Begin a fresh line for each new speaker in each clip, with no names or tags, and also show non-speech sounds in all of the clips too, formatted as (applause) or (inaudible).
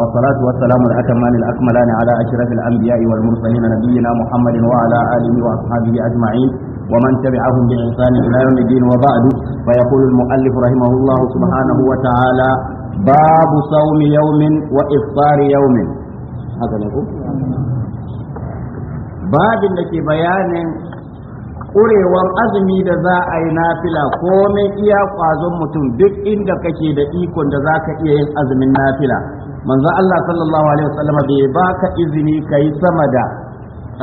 والصلاة والسلام الأتمان الأكملان على أشرف الأنبياء والمرسلين نبينا محمد وعلى آله وأصحابه أجمعين ومن تبعهم بإحسان إلى يوم الدين وبعد فيقول المؤلف رحمه الله سبحانه وتعالى باب صوم يوم وإفطار يوم هذا لكم باب لك بيان ƙurewar azumi da za a yi nafila komai iya ƙwazon mutum duk inda kake da ikon da za ka iya yin azumin nafila manzon Allah sallallahu alaihi wasallam bai baka izini kai sama da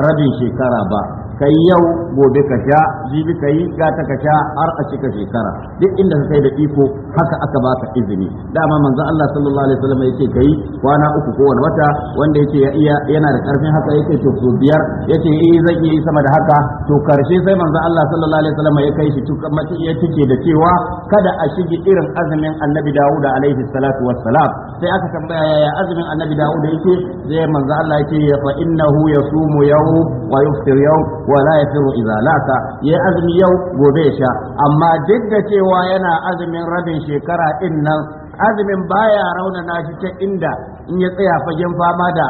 rabin shekara ba kai yau gobe ka sha jibi ka yi gata ka sha har a cika shekara duk inda ka kai da iko haka aka baka izini dama manzo Allah sallallahu alaihi wasallam yake kai kwana uku ko wani wata wanda yake ya iya yana da karfin haka yake to so biyar yace eh zan iya yi sama da haka to karshe sai manzo Allah sallallahu alaihi wasallam ya kai shi tukan mace ya tike da cewa kada a shige irin azumin Annabi Dawud alaihi salatu wassalam sai aka tambaya yaya azumin Annabi Dawud yake sai manzo Allah yake fa innahu yasumu yawm wa yuftir yawm Wala ya yafiru idza laka ya azumi yau gobe ya sha amma duk da cewa yana azumin rabin shekara din nan azumin baya raunana shi ta inda in ya tsaya fagen fama da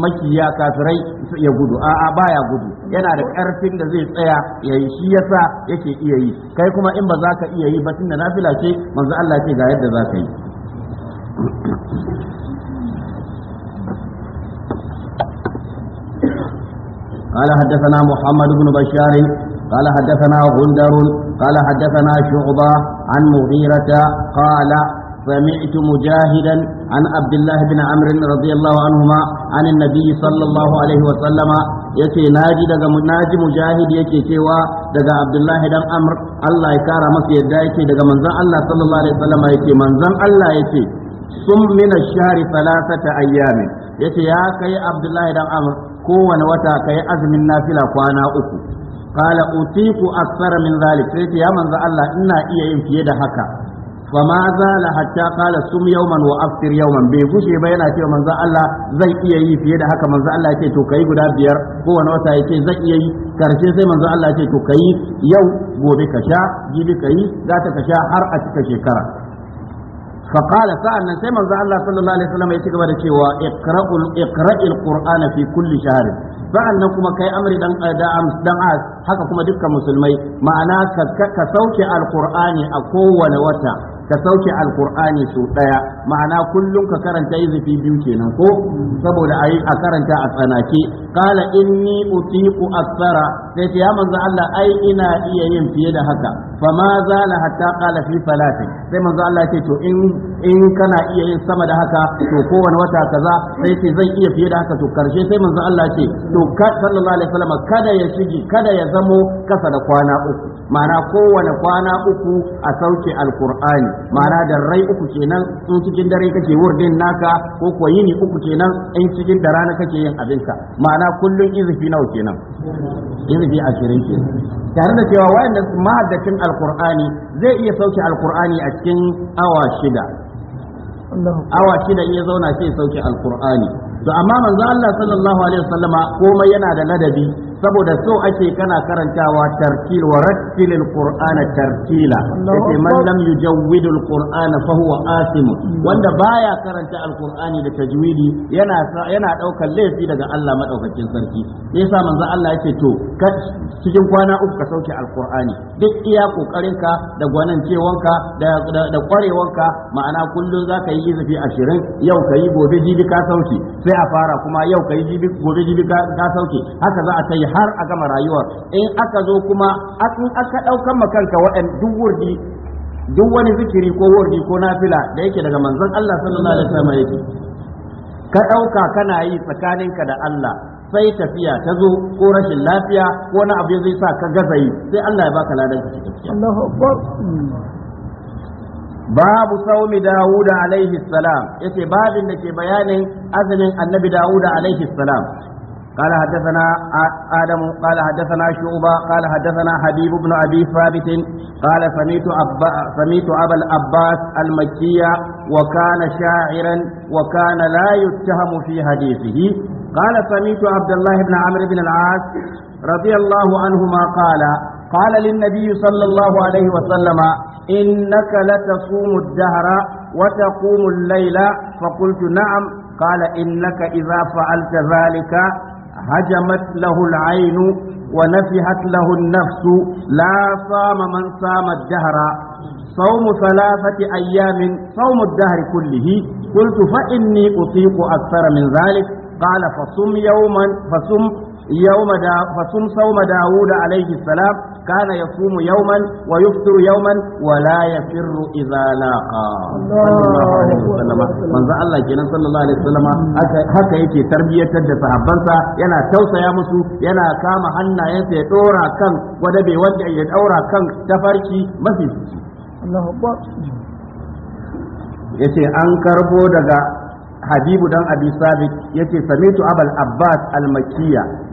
makiya kafirai ya gudu a'a baya gudu yana da karfin da zai tsaya ya yi shi yasa yake iya yi kai kuma in ba za ka iya yi ba tunda nafila ce manzo Allah ce ga yadda za ka yi قال حدثنا محمد بن بشار قال حدثنا غندر قال حدثنا شعبة عن مغيرة قال سمعت مجاهدا عن عبد الله بن عمرو رضي الله عنهما عن النبي صلى الله عليه وسلم yace naji daga naji mujahid yake cewa daga abdullahi dan amr Allah ya kara masa yadda yake daga manzon Allah sallallahu alaihi wasallam yake manzon Allah yake sum min ash-shahr ayyamin yace ya kai abdullahi dan amr kowane wata ka yi azumin nafila kwana uku Kala utiku aksara min zalik sai ya manzo Allah ina iya yin fiye da haka fa ma zala hatta kala sum yawman wa aftir yawman bai gushe ba yana cewa manzo Allah zai iya yi fiye da haka manzo Allah yake to kai guda biyar kowane wata yake zai iya yi karshe sai manzo Allah yake to kai yau gobe ka sha jibi yi, za ta ka sha har a cika shekara فقال سألنا سيما الله صلى الله عليه وسلم يتكبر شيوا اقرأ اقرأ القرآن في كل شهر sa'an nan kuma kai amri dan as haka kuma duka musulmai ma'ana ka sauke alqur'ani a kowane wata ka sauke alqur'ani su ɗaya ma'ana kullum ka karanta izifi biyu kenan ko saboda ayi a karanta a tsanake qala inni utiqu akthara sai ya manzo Allah ai ina iya yin fiye da haka fama zala hatta qala fi salatin sai manzo Allah ce to in in kana iya yin sama da haka to kowane wata kaza sai ce zan iya fiye da haka to karshe sai manzo Allah ce to sallallahu alaihi wasallam kada ya shigi kada ya zamo kasa da kwana uku ma'ana kowane kwana uku a sauke alqur'ani ma'ana da rai uku kenan in cikin dare kake wurdin naka ko kuwa yini uku kenan in cikin da rana kake yin abinka ma'ana kullun izifi nawa kenan izifi 20 kenan tare da cewa wayannan ma'addacin alkur'ani zai iya sauke alkur'ani a cikin awa shida awa shida iya zauna sai sauke alkur'ani to amma manzo Allah sallallahu alaihi wasallama komai yana da ladabi saboda so ake kana karantawa tartil wa rattil alquran tartila yace man lam yujawwid alquran fa huwa asim hmm. wanda baya karanta alqur'ani da tajwidi yana yana daukar laifi daga Allah madaukakin sarki yasa manzo Allah yake to cikin kwana uku ka sauke alqur'ani duk iya kokarinka da cewanka da da kwarewanka ma'ana kullun zaka yi zafi 20 yau kayi gobe jibi ka sauke sai a fara kuma yau kai jibi gobe jibi ka sauke haka za a tayi har a gama rayuwar in aka zo kuma in aka ɗaukan makanka waɗan duk wurdi duk wani zikiri ko wurdi ko nafila da yake daga manzon Allah sallallahu alaihi wasallam yake ka ɗauka kana yi tsakaninka da Allah sai tafiya ta zo ko rashin lafiya ko wani abu zai sa ka gaza yi sai Allah ya baka ladan ka Allahu babu saumi Dawud alaihi salam yace babin da ke bayanin azumin annabi Dawud alaihi salam قال حدثنا آدم قال حدثنا شعبة قال حدثنا حبيب بن أبي ثابت قال سميت أبا سميت أبا العباس المكي وكان شاعرا وكان لا يتهم في حديثه قال سميت عبد الله بن عمرو بن العاص رضي الله عنهما قال قال للنبي صلى الله عليه وسلم إنك لتصوم الدهر وتقوم الليل فقلت نعم قال إنك إذا فعلت ذلك هجمت له العين ونفحت له النفس لا صام من صام الدهر صوم ثلاثة أيام صوم الدهر كله قلت فإني أطيق أكثر من ذلك قال فصم يوما فصم يوم دا فصوم صوم داود عليه السلام كان يصوم يوما ويفطر يوما ولا يفر اذا لاقى الله عليه وسلم من ذا الله كنا صلى الله عليه وسلم haka yake tarbiyyatar da sahabbansa yana tausaya musu yana kama hannayensa ya ɗora kan bai wanda ya ɗaura kan tafarki mafi yace an karbo daga habibu dan abi sabit yace samitu abal abbas al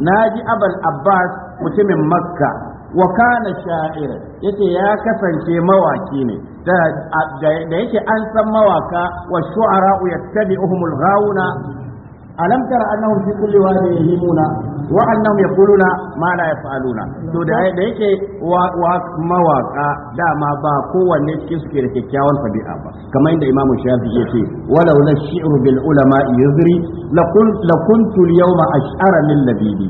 na ji abal abbas mutumin makka wa kana sha'ir yace ya kasance mawaki ne da yake an san mawaka wa shu'ara yattabi'uhum al-ghawuna alam tara annahum fi kulli wadin yahimuna wa annahum yaquluna ma la yaf'aluna to da da yake wa mawaka dama ba kowanne cikin su ke da kyakkyawan tabi'a ba kamar inda imamu shafi yake walau la shi'ru bil ulama yuzri la kuntu al yawma ash'ara min nabili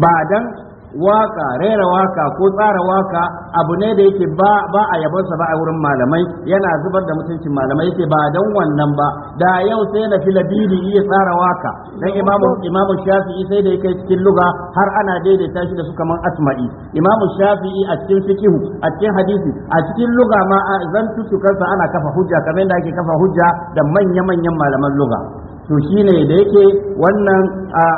ba dan waka rera waka ko tsara waka abu ne da yake ba ba a yabonsa ba a wurin malamai yana zubar da mutuncin malamai yake ba dan wannan ba da yau sai na fi labidi iya tsara waka dan imamu imamu shafi'i sai da yake cikin luga har ana daidaita shi da su kaman asma'i imamu shafi'i a cikin fikihu a cikin hadisi a cikin luga ma zan kansa ana kafa hujja kamar da ake kafa hujja da manya manyan malaman luga to shine da yake wannan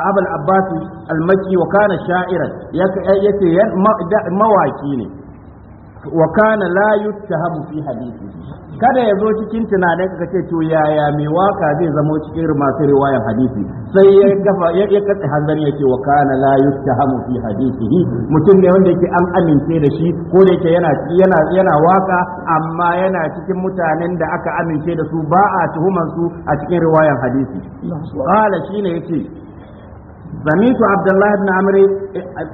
abul abbas al-makki wa kana sha'iran yake mawaki ne wa kana la yuttahamu fi hadisi kada ya zo cikin tunanin ka ce to yaya mai waka zai zamo cikin masu riwayan hadisi sai ya gafa ya ya katse ya ce wa kana la yuttahamu fi hadisi. mutum ne wanda yake an amince da shi ko da yake yana yana yana waka amma yana cikin mutanen da aka amince da su ba a tuhuman su a cikin riwayan hadisi qala shine yace سمعت عبد الله بن عمرو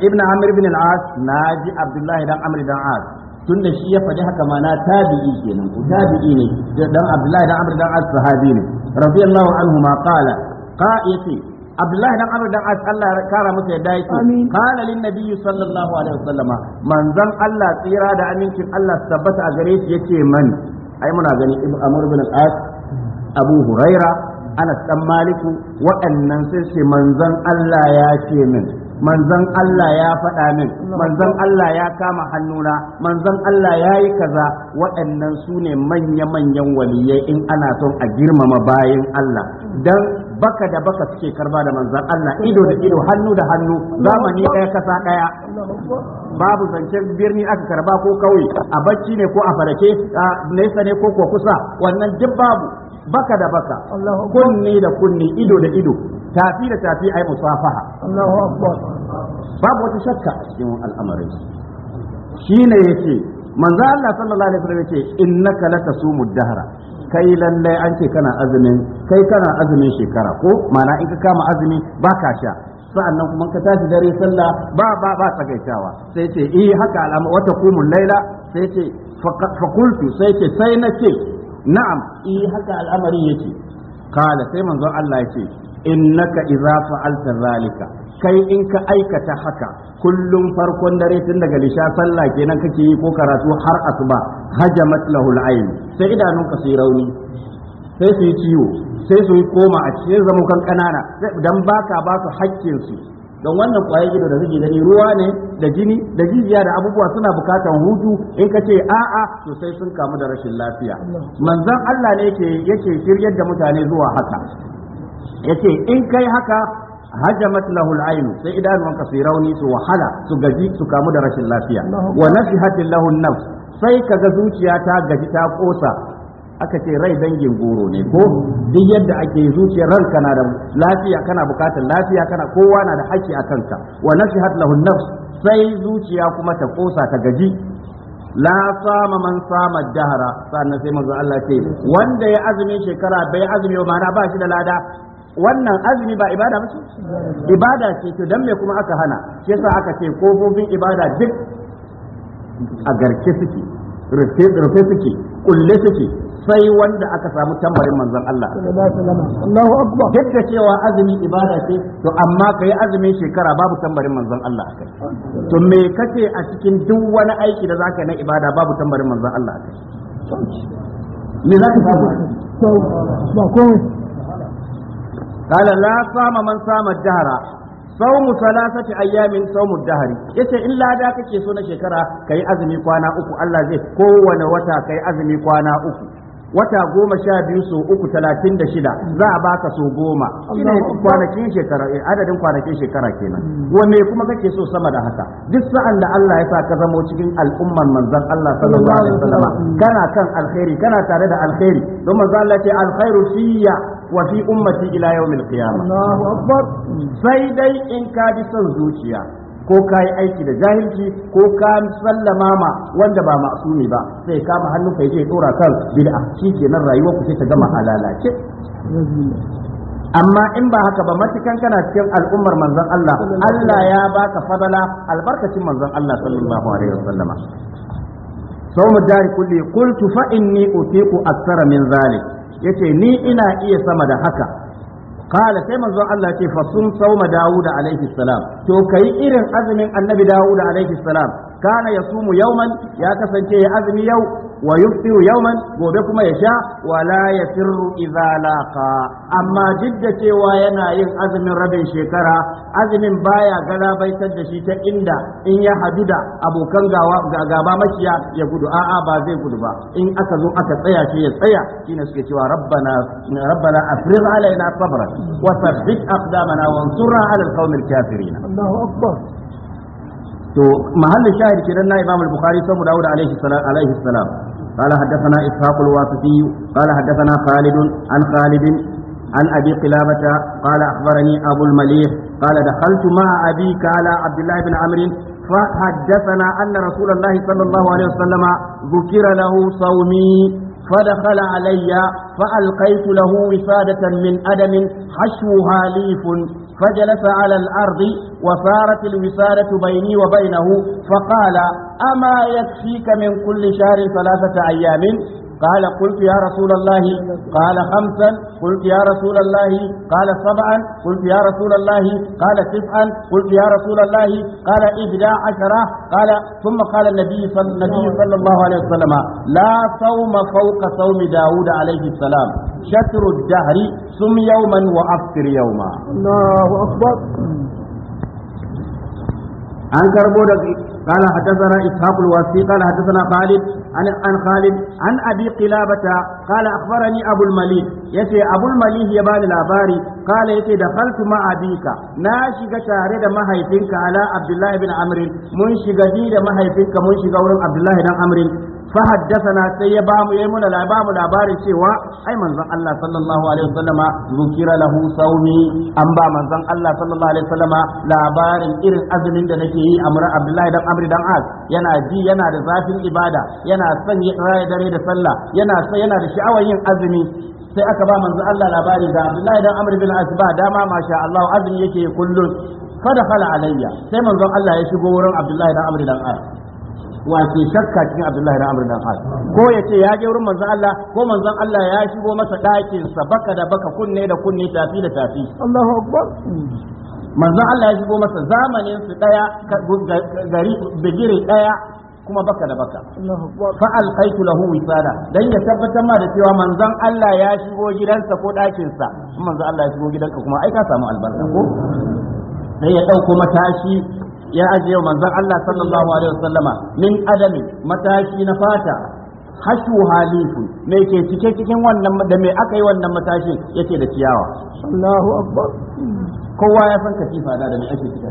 ابن عمرو بن العاص ناجي عبد الله بن عمرو بن العاص tun da shi ya faɗi haka mana tabi'i kenan ko tabi'i ne dan Abdullahi dan Amr dan As-Sahabi ne radiyallahu anhu ma qala qa yace Abdullahi dan Amr dan As Allah kara masa yadda yake qala lin nabiyyi sallallahu alaihi wasallama manzon Allah tsira da amincin Allah tabbata a gare shi yace man ai muna gani Ibn Amr bin Al-As Abu Huraira Anas dan Maliku waɗannan sai ce manzon Allah ya ce min manzon Allah ya faɗa min manzon Allah ya kama hannuna manzon Allah ya yi kaza waɗannan su ne manya-manyan waliyai in ana son a girmama bayan Allah Don baka da baka suke karba da manzon Allah ido da ido hannu da hannu zamani ɗaya kasa ɗaya babu zancen birni aka karba ko kauye a bacci ne ko a farake nesa ne ko ko kusa wannan duk babu baka da baka kunni da kunne, ido da ido tafi da tafi ai musafaha babu wata shakka a cikin Shi ne yace manzo Allah sallallahu alaihi wasallam yace innaka latasumu dahra kai lallai an ce kana azumin kai kana azumin shekara ko mana in ka kama azumi baka sha sa'annan kuma ka tashi dare sallah ba ba ba tsagaitawa sai ce eh haka alama wata kumul laila sai ce qultu sai ce sai na ce na'am eh haka al'amari yake kala sai manzon Allah yake innaka idza fa'alta zalika kai in ka aikata haka kullum farkon dare tun daga lisha sallah kenan kake yi ko karatu har asuba hajamat lahul ayn sai idanunka su rauni sai su yi ciwo sai su yi koma a cikin zamukan kanana dan baka ba su haƙƙin su don wannan kwaye ido da kake gani ruwa ne da jini da jijiya da abubuwa suna bukatan hutu in ka ce a'a to sai sun kamu da rashin lafiya manzon Allah ne yake yake shiryar da mutane zuwa haka yace in kai haka hajamat lahu al-ayn sai idanuwanka su rauni su wahala su gaji su kamu da rashin lafiya wa nasihatin lahu an-nafs sai kaga zuciya ta gaji ta kosa aka ce rai dangin goro ne ko duk yadda ake zuciyar ranka na da lafiya kana bukatar lafiya kana kowa na da haƙƙi a kanka wa nasihat lahu nafs sai zuciya kuma ta kosa ta gaji la sama man sama dahara sannan sai manzo Allah ce wanda ya azumi shekara bai azumi ba na ba shi da lada wannan azumi ba ibada ba ce ibada ce to dan me kuma aka hana shi yasa aka ce kofofin ibada duk a garke suke rufe suke kulle suke sai wanda aka samu tambarin manzon Allah Allahu akbar duk da cewa azumi ibada ce to amma kai azumin shekara babu tambarin manzon Allah akai to me kace a cikin duk wani aiki da zaka na ibada babu tambarin manzon Allah akai me zaka samu ba ko kala la sama man sama jahara sawmu salasati أيام sawmu الدهر yace in lada kake so na shekara kai azumi kwana uku Allah zai kowane wata kai azumi kwana uku wata goma sha biyu so uku talatin da shida za a baka so goma kwanakin shekara eh, adadin kwanakin shekara kenan wanne kuma kake so sama da haka duk sa'an da Allah ya sa ka zamo cikin al'umman manzon Allah sallallahu alaihi wasallam kana kan alkhairi kana tare da alkhairi don manzon Allah ce alkhairu fiyya wa fi ummati ila yawmil qiyamah Allahu akbar sai dai in ka bi son zuciya ko ka yi aiki da jahilci ko ka sallama ma wanda ba ma'asumi ba sai kama hannu kai je dora kan bid'a shikenan rayuwar ku sai ta gama halalace amma in ba haka ba matukan kana cikin al'ummar manzon Allah Allah ya baka fadala albarkacin manzon Allah sallallahu alaihi wasallama sau mu dari kulli qultu fa inni utiqu aktsara min zalik yace ni ina iya sama da haka kala sai manzon Allah ce fa sun sauma Dawud alaihi salam to kai irin azumin annabi Dawud alaihi salam kana yasumu yawman ya kasance ya azumi yau wa yuftiru gobe kuma ya sha wa la yafirru idza amma jidda cewa yana yin azumin rabin shekara azumin baya galabaitar da shi ta inda in ya hadu da abokan gawa gaba makiya ya gudu a'a ba zai gudu ba in aka zo aka tsaya shi ya tsaya shine suke cewa rabbana rabbana afrigh alaina sabra wa thabbit aqdamana wansurna ala alqawmil kafirin Allahu akbar to mahallin shahid kenan na Imam al-Bukhari saboda Dawud alaihi salam alaihi salam قال حدثنا إسحاق الواسطي قال حدثنا خالد عن خالد عن أبي قلابة قال أخبرني أبو المليح قال دخلت مع أبيك على عبد الله بن عمرو فحدثنا أن رسول الله صلى الله عليه وسلم ذكر له صومي فدخل علي فألقيت له وسادة من أدم حشوها ليف فجلس على الأرض وصارت الوسالة بيني وبينه فقال أما يكفيك من كل شهر ثلاثة أيام قال قلت يا رسول الله قال خمسا قلت يا رسول الله قال سبعا قلت يا رسول الله قال تسعا قلت يا رسول الله قال إحدى عشرة قال ثم قال النبي صلى, النبي صلى الله عليه وسلم لا صوم فوق صوم داود عليه السلام شطر الدهر صم يوما وأفطر يوما
الله أكبر
an karbo da قال حدثنا إسحاق الواسي قال حدثنا خالد عن عن خالد عن أبي قلابة قال أخبرني أبو المليك يتي أبو المليك يبان الأباري قال يتي دخلت مع أبيك ناشي تارد ما هيفنك على عبد الله بن عمرو منشي قديد ما هيفنك منشي قول عبد الله بن عمرو fa haddathana sai ya bamu yayi muna la bamu labarin cewa ai manzon Allah sallallahu alaihi wasallama zukira lahu saumi an ba manzon Allah sallallahu alaihi wasallama labarin irin azumin da nake yi amr Abdullahi dan Amr dan Az yana ji yana da zafin ibada yana son raya dare da sallah yana yana da sha'awar yin azumi sai aka ba manzo Allah labari ga Abdullahi dan Amr bin As ba dama masha Allah azumi yake kullun fa dakhala alayya sai manzon Allah ya shigo wurin Abdullahi dan Amr dan As wa ke shakka cikin Abdullahi da Amr dan As ko ya ce ya je wurin manzon Allah ko manzon Allah ya shigo masa ɗakin sa baka da baka kunne da kunne tafi da tafi Allahu akbar manzon Allah ya shigo masa zamanin su daya gari bigire daya kuma baka da baka fa alqaitu lahu wisada dan ya tabbatar ma da cewa manzon Allah ya shigo gidansa ko ɗakin sa manzon Allah ya shigo gidanka kuma ai ka samu albarka ko sai ya dauko matashi ya ajiye wa manzon Allah sallallahu alaihi wasallama min adami matashi na fata hashu halifu me ke cike cikin wannan da me aka yi wannan matashin yake da ciyawa Allahu akbar kowa ya san katifa da me ake cike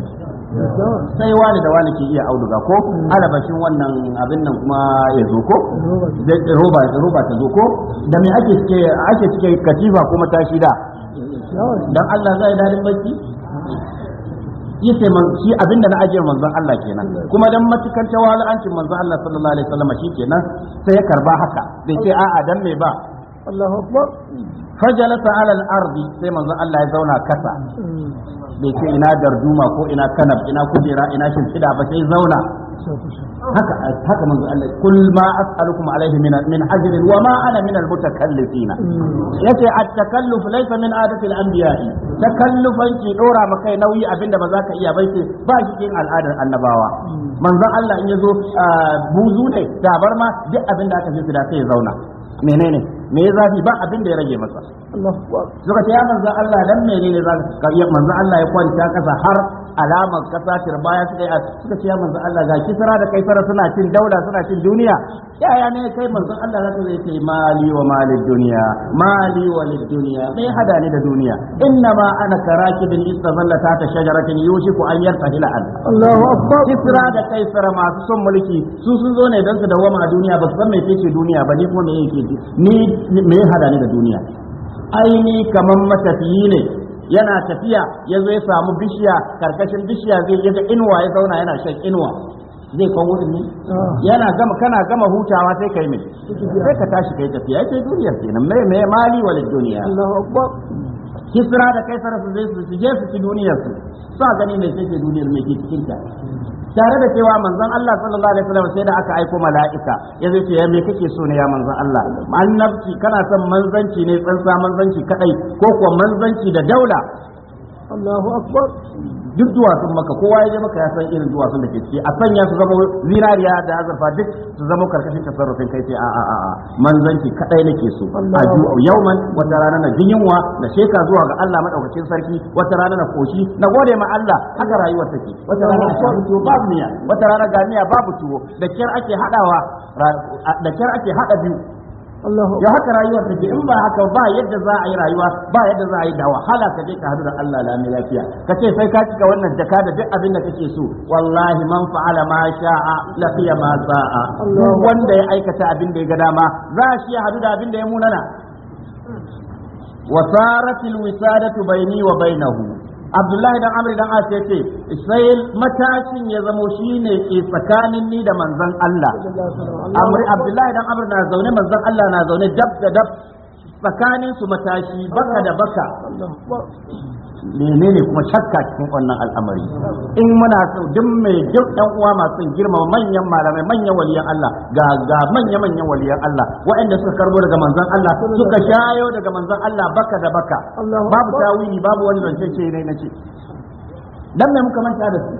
sai wani da wani ke iya auduga ko alabashin wannan abin nan kuma ya zo ko roba roba ta zo ko da me ake cike ake cike katifa ko matashi da dan Allah zai dadin bacci yace man shi abinda na ajiye manzon Allah kenan kuma dan matukan tawali'ancin manzon Allah sallallahu alaihi wasallam shi kenan sai ya karba haka bai ce a'a dan me ba Allahu akbar fajalasa ala al-ardi sai manzon Allah ya zauna kasa mm. bai ce ina darduma ko ina kanab ina kujera ina shimfida ba sai zauna haka haka manzo Allah kul ma as'alukum alaihi min min ajr wa ma ana min almutakallifina yace at-takalluf laysa min adati al-anbiya takallufan ki dora maka nauyi abinda ba za ka iya bai ba shi cikin al'adar annabawa manzon Allah in yazo buzu ne dabar ma duk abinda aka ce su da sai ya zauna menene me ya zafi ba abin da ya rage masa suka ce ya manzan Allah dan menene za ka manzan Allah ya kwanta kasa har alamar kasa baya suka yi suka ce ya manzo Allah ga kisra da kaifara suna cin dauda, suna cin duniya yaya ne kai manzo Allah zaka zai ce mali wa mali duniya mali wa lid duniya bai hada ni da duniya inna ma ana karakibin istazalla ta ta shajaratin yushiku an yartahila an Allahu akbar kisra da kaifara masu son mulki su sun zo ne don su dawama a duniya ba su san me yake duniya ba ni kuma me yake ni me hada ni da duniya aini kaman matafiyi ne yana tafiya ya zo ya samu bishiya karkashin bishiya zai ga inuwa ya zauna yana shan inuwa zai kawo ne ah. yana gama kana gama hutawa sai kai mai sai ka tashi kai tafiya yake duniyar kenan mai mai mali wa duniya kisra da kaisar su zai su je su ci duniyar su sa gani mai sai duniyar mai ke cikin tare da cewa manzon Allah sallallahu alaihi wasallam sai da aka aiko mala'ika ya zai ce ya me kake so ne ya manzon Allah annabci kana son manzanci ne tsantsa manzanci kadai ko kuwa manzanci da daula Allahu akbar duk duwatsun maka kowa ya je maka ya san irin duwatsun da ke ciki a sanya su zama zinariya da azurfa duk su zama karkashin tasarrufin kai sai a a a manzanci kadai nake so a yauman wata rana na jin yunwa na sheka zuwa ga Allah madaukakin sarki wata rana na koshi na gode ma Allah haka rayuwar take wata rana a miya wata rana ga miya babu tuwo da kyar ake hadawa da kyar ake hada biyu ya haka rayuwar ke, in ba haka ba yadda za a yi rayuwa ba yadda za a yi da wahala ka je ka hadu da Allah la mai lafiya ka ce sai ka cika wannan jaka da duk abin da kake so wallahi man fa'ala ma sha'a laqiya ma sa'a wanda ya aikata abin da ya ga dama za shi ya hadu da abin da ya munana wasarat wisadatu baini wa bainahu abdullahi dan amri dan as yace sai matashin ya zamo shi ne ke tsakanin ni da manzon Allah amri abdullahi dan amri na zaune manzon Allah na zaune dab da dab tsakanin su matashi baka da baka menene kuma shakka cikin wannan al'amari in muna so duk mai duk ɗan uwa masu girma manyan malamai manyan waliyan Allah ga ga manya manyan waliyan Allah waɗanda suka karbo daga manzon Allah suka shayo daga manzon Allah baka da baka babu tawili babu wani zance ce ne ce. dan me muka manta da su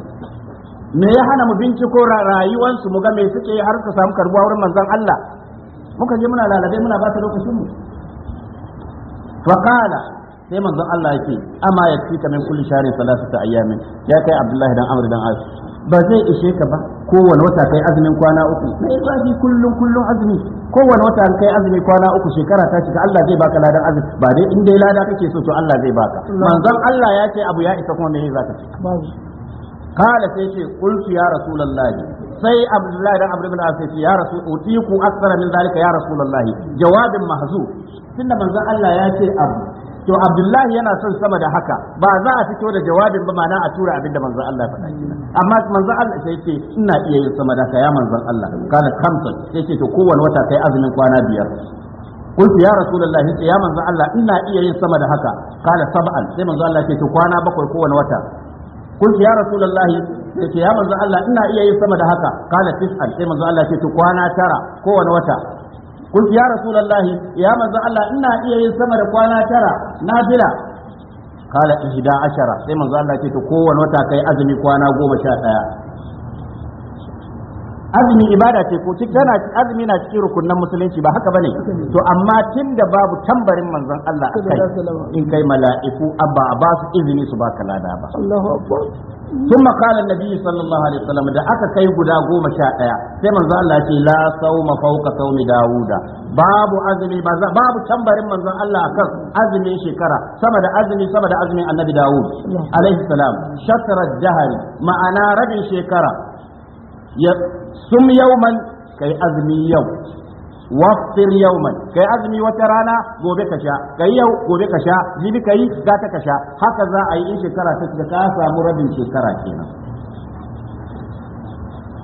me ya hana mu binciko rayuwansu mu ga me suke har su samu karbuwa wurin manzon Allah muka je muna lalabe muna ba ta lokacin mu faqala sai manzon Allah yake amma ya fi kamin kulli sharin salasata ayyamin ya kai Abdullahi dan Amr dan Ash ba zai ishe ka ba kowane wata kai azumin kwana uku mai zafi kullum kullum azumi kowane wata an kai azumi kwana uku shekara ta cika Allah zai baka ladan azumi ba dai in dai lada kake so to Allah zai baka manzon Allah ya ce abu ya isa kuma me zaka ce قال سيشي قلت يا رسول الله sai Abdullahi dan Abdul bin Asif ya rasu utiku aksara min zalika ya Rasulullahi jawabin mahzu tunda manzon Allah ya ce abu to abdullahi yana son sama da haka ba za a fito da jawabin ba ma'ana a tura abinda manzon Allah ya faɗa kenan amma manzon Allah sai ce ina iya yin sama da haka ya manzon Allah kana kamsa sai ce to kowanne wata kai azumin kwana biyar قلت يا رسول الله يا من الله ان iya yin sama da haka قال سبعا sai manzo Allah ce to kwana bakwai kowane wata قلت يا رسول الله sai ya manzo ina iya yin sama da haka قال تسعا sai manzo Allah kwana tara kowane wata Kun ya rasulallah ya manta Allah ina iya yin sama da kwana tara na fila. Kada ki ashara sai manta Allah ke ta kowanne wata ka azumi kwana goma sha ɗaya. Azumi ibada ce ko cik tana azumi na cikin rukunin musulunci ba haka ba ne? To amma tin da babu tambarin manzo Allah, akai in kai mala'iku Abba ba su izini su ba ka lada ba. ثم قال النبي صلى الله عليه وسلم da aka kai guda goma sha ɗaya sai manzo Allah ce la sauma fawqa saumi dauda babu azumi babu tambarin manzo Allah akan azumin shekara sama da azumi sama da azumin annabi daud alaihi salam ma'ana rabin shekara ya sum yawman kai azumi yau Waɗɗin yau mai, kai azumi wata rana gobe ka sha, kai yau gobe ka sha, jini kai zata ka sha, haka za a yi ƴan shekara ta kika samu rabin shekara ke nan.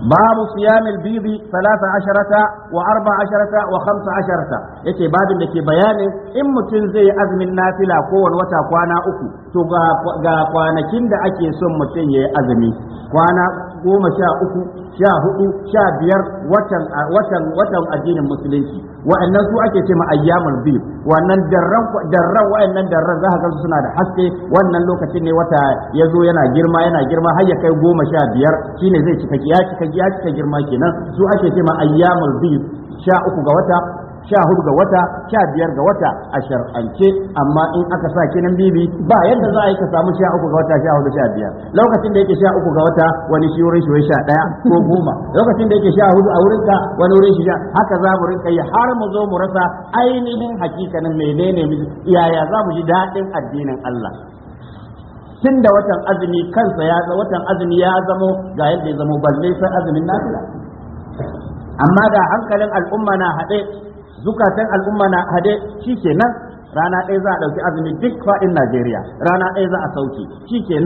Babu siya mil bibi, salasa ashararta, wa arba asharta, wa kamsa yake babin da ke bayanin, in mutum zai yi azumin nafila kowane wata kwana uku, to ga kwanakin da ake son mutum ya yi azumi kwana. goma sha uku sha hudu sha biyar watan watan addinin musulunci wa'annan su ake ce ma ayyamul bid wannan darran darran wa'annan darran za ka suna da haske wannan lokacin ne wata ya zo yana girma yana girma har ya kai goma sha biyar shine zai cika ya cika ya cika girma kenan su ake ce ma ayyamul bid sha uku ga wata sha hudu ga wata sha biyar ga wata a shar'ance amma in aka sa kinan bibi ba yadda za a yi ka samu sha uku ga wata sha hudu sha biyar lokacin da yake sha uku ga wata wani shi wurin shi sha ɗaya ko goma lokacin da yake sha hudu a wurin ka wani wurin shi sha haka za mu rinka yi har mu zo mu rasa ainihin hakikanin menene yaya za mu ji daɗin addinin Allah tun da watan azumi kansa ya watan azumi ya zamo ga yadda ya zamo balle sai azumin nafila amma da hankalin al'umma na haɗe zukatan al'umma na hade shi nan rana ɗaya za a ɗauki azumi duk faɗin Najeriya rana ɗaya za a sauke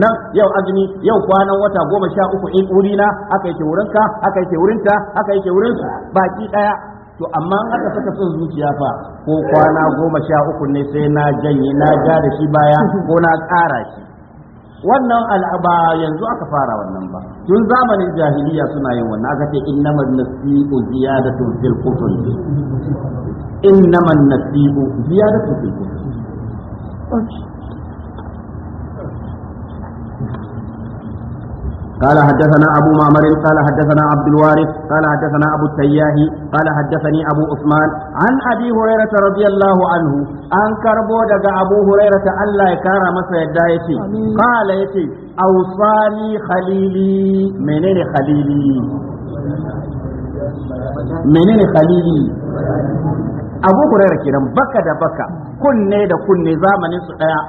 nan yau azumi yau kwanan wata goma sha uku in wurina aka yake wurinka aka yake wurinta aka yake wurin baki ɗaya to amma an aka saka son zuciya fa ko kwana goma sha uku ne sai na janye na ja da shi baya ko na ƙara shi wannan al'aba yanzu aka fara wannan ba tun zamanin jahiliya suna yin wannan aka ce innama nasibu ziyadatun fil kufr innama nasibu ziyadatun fil kufr قال حدثنا أبو معمر قال حدثنا عبد الوارث قال حدثنا أبو التياه قال حدثني أبو عثمان عن أبي هريرة رضي الله عنه أن كربو دقى أبو هريرة ألا يكار مسجد قال يتي أوصاني خليلي منين خليلي منين خليلي أبو هريرة كنا baka da baka kunne da kunne zamanin su daya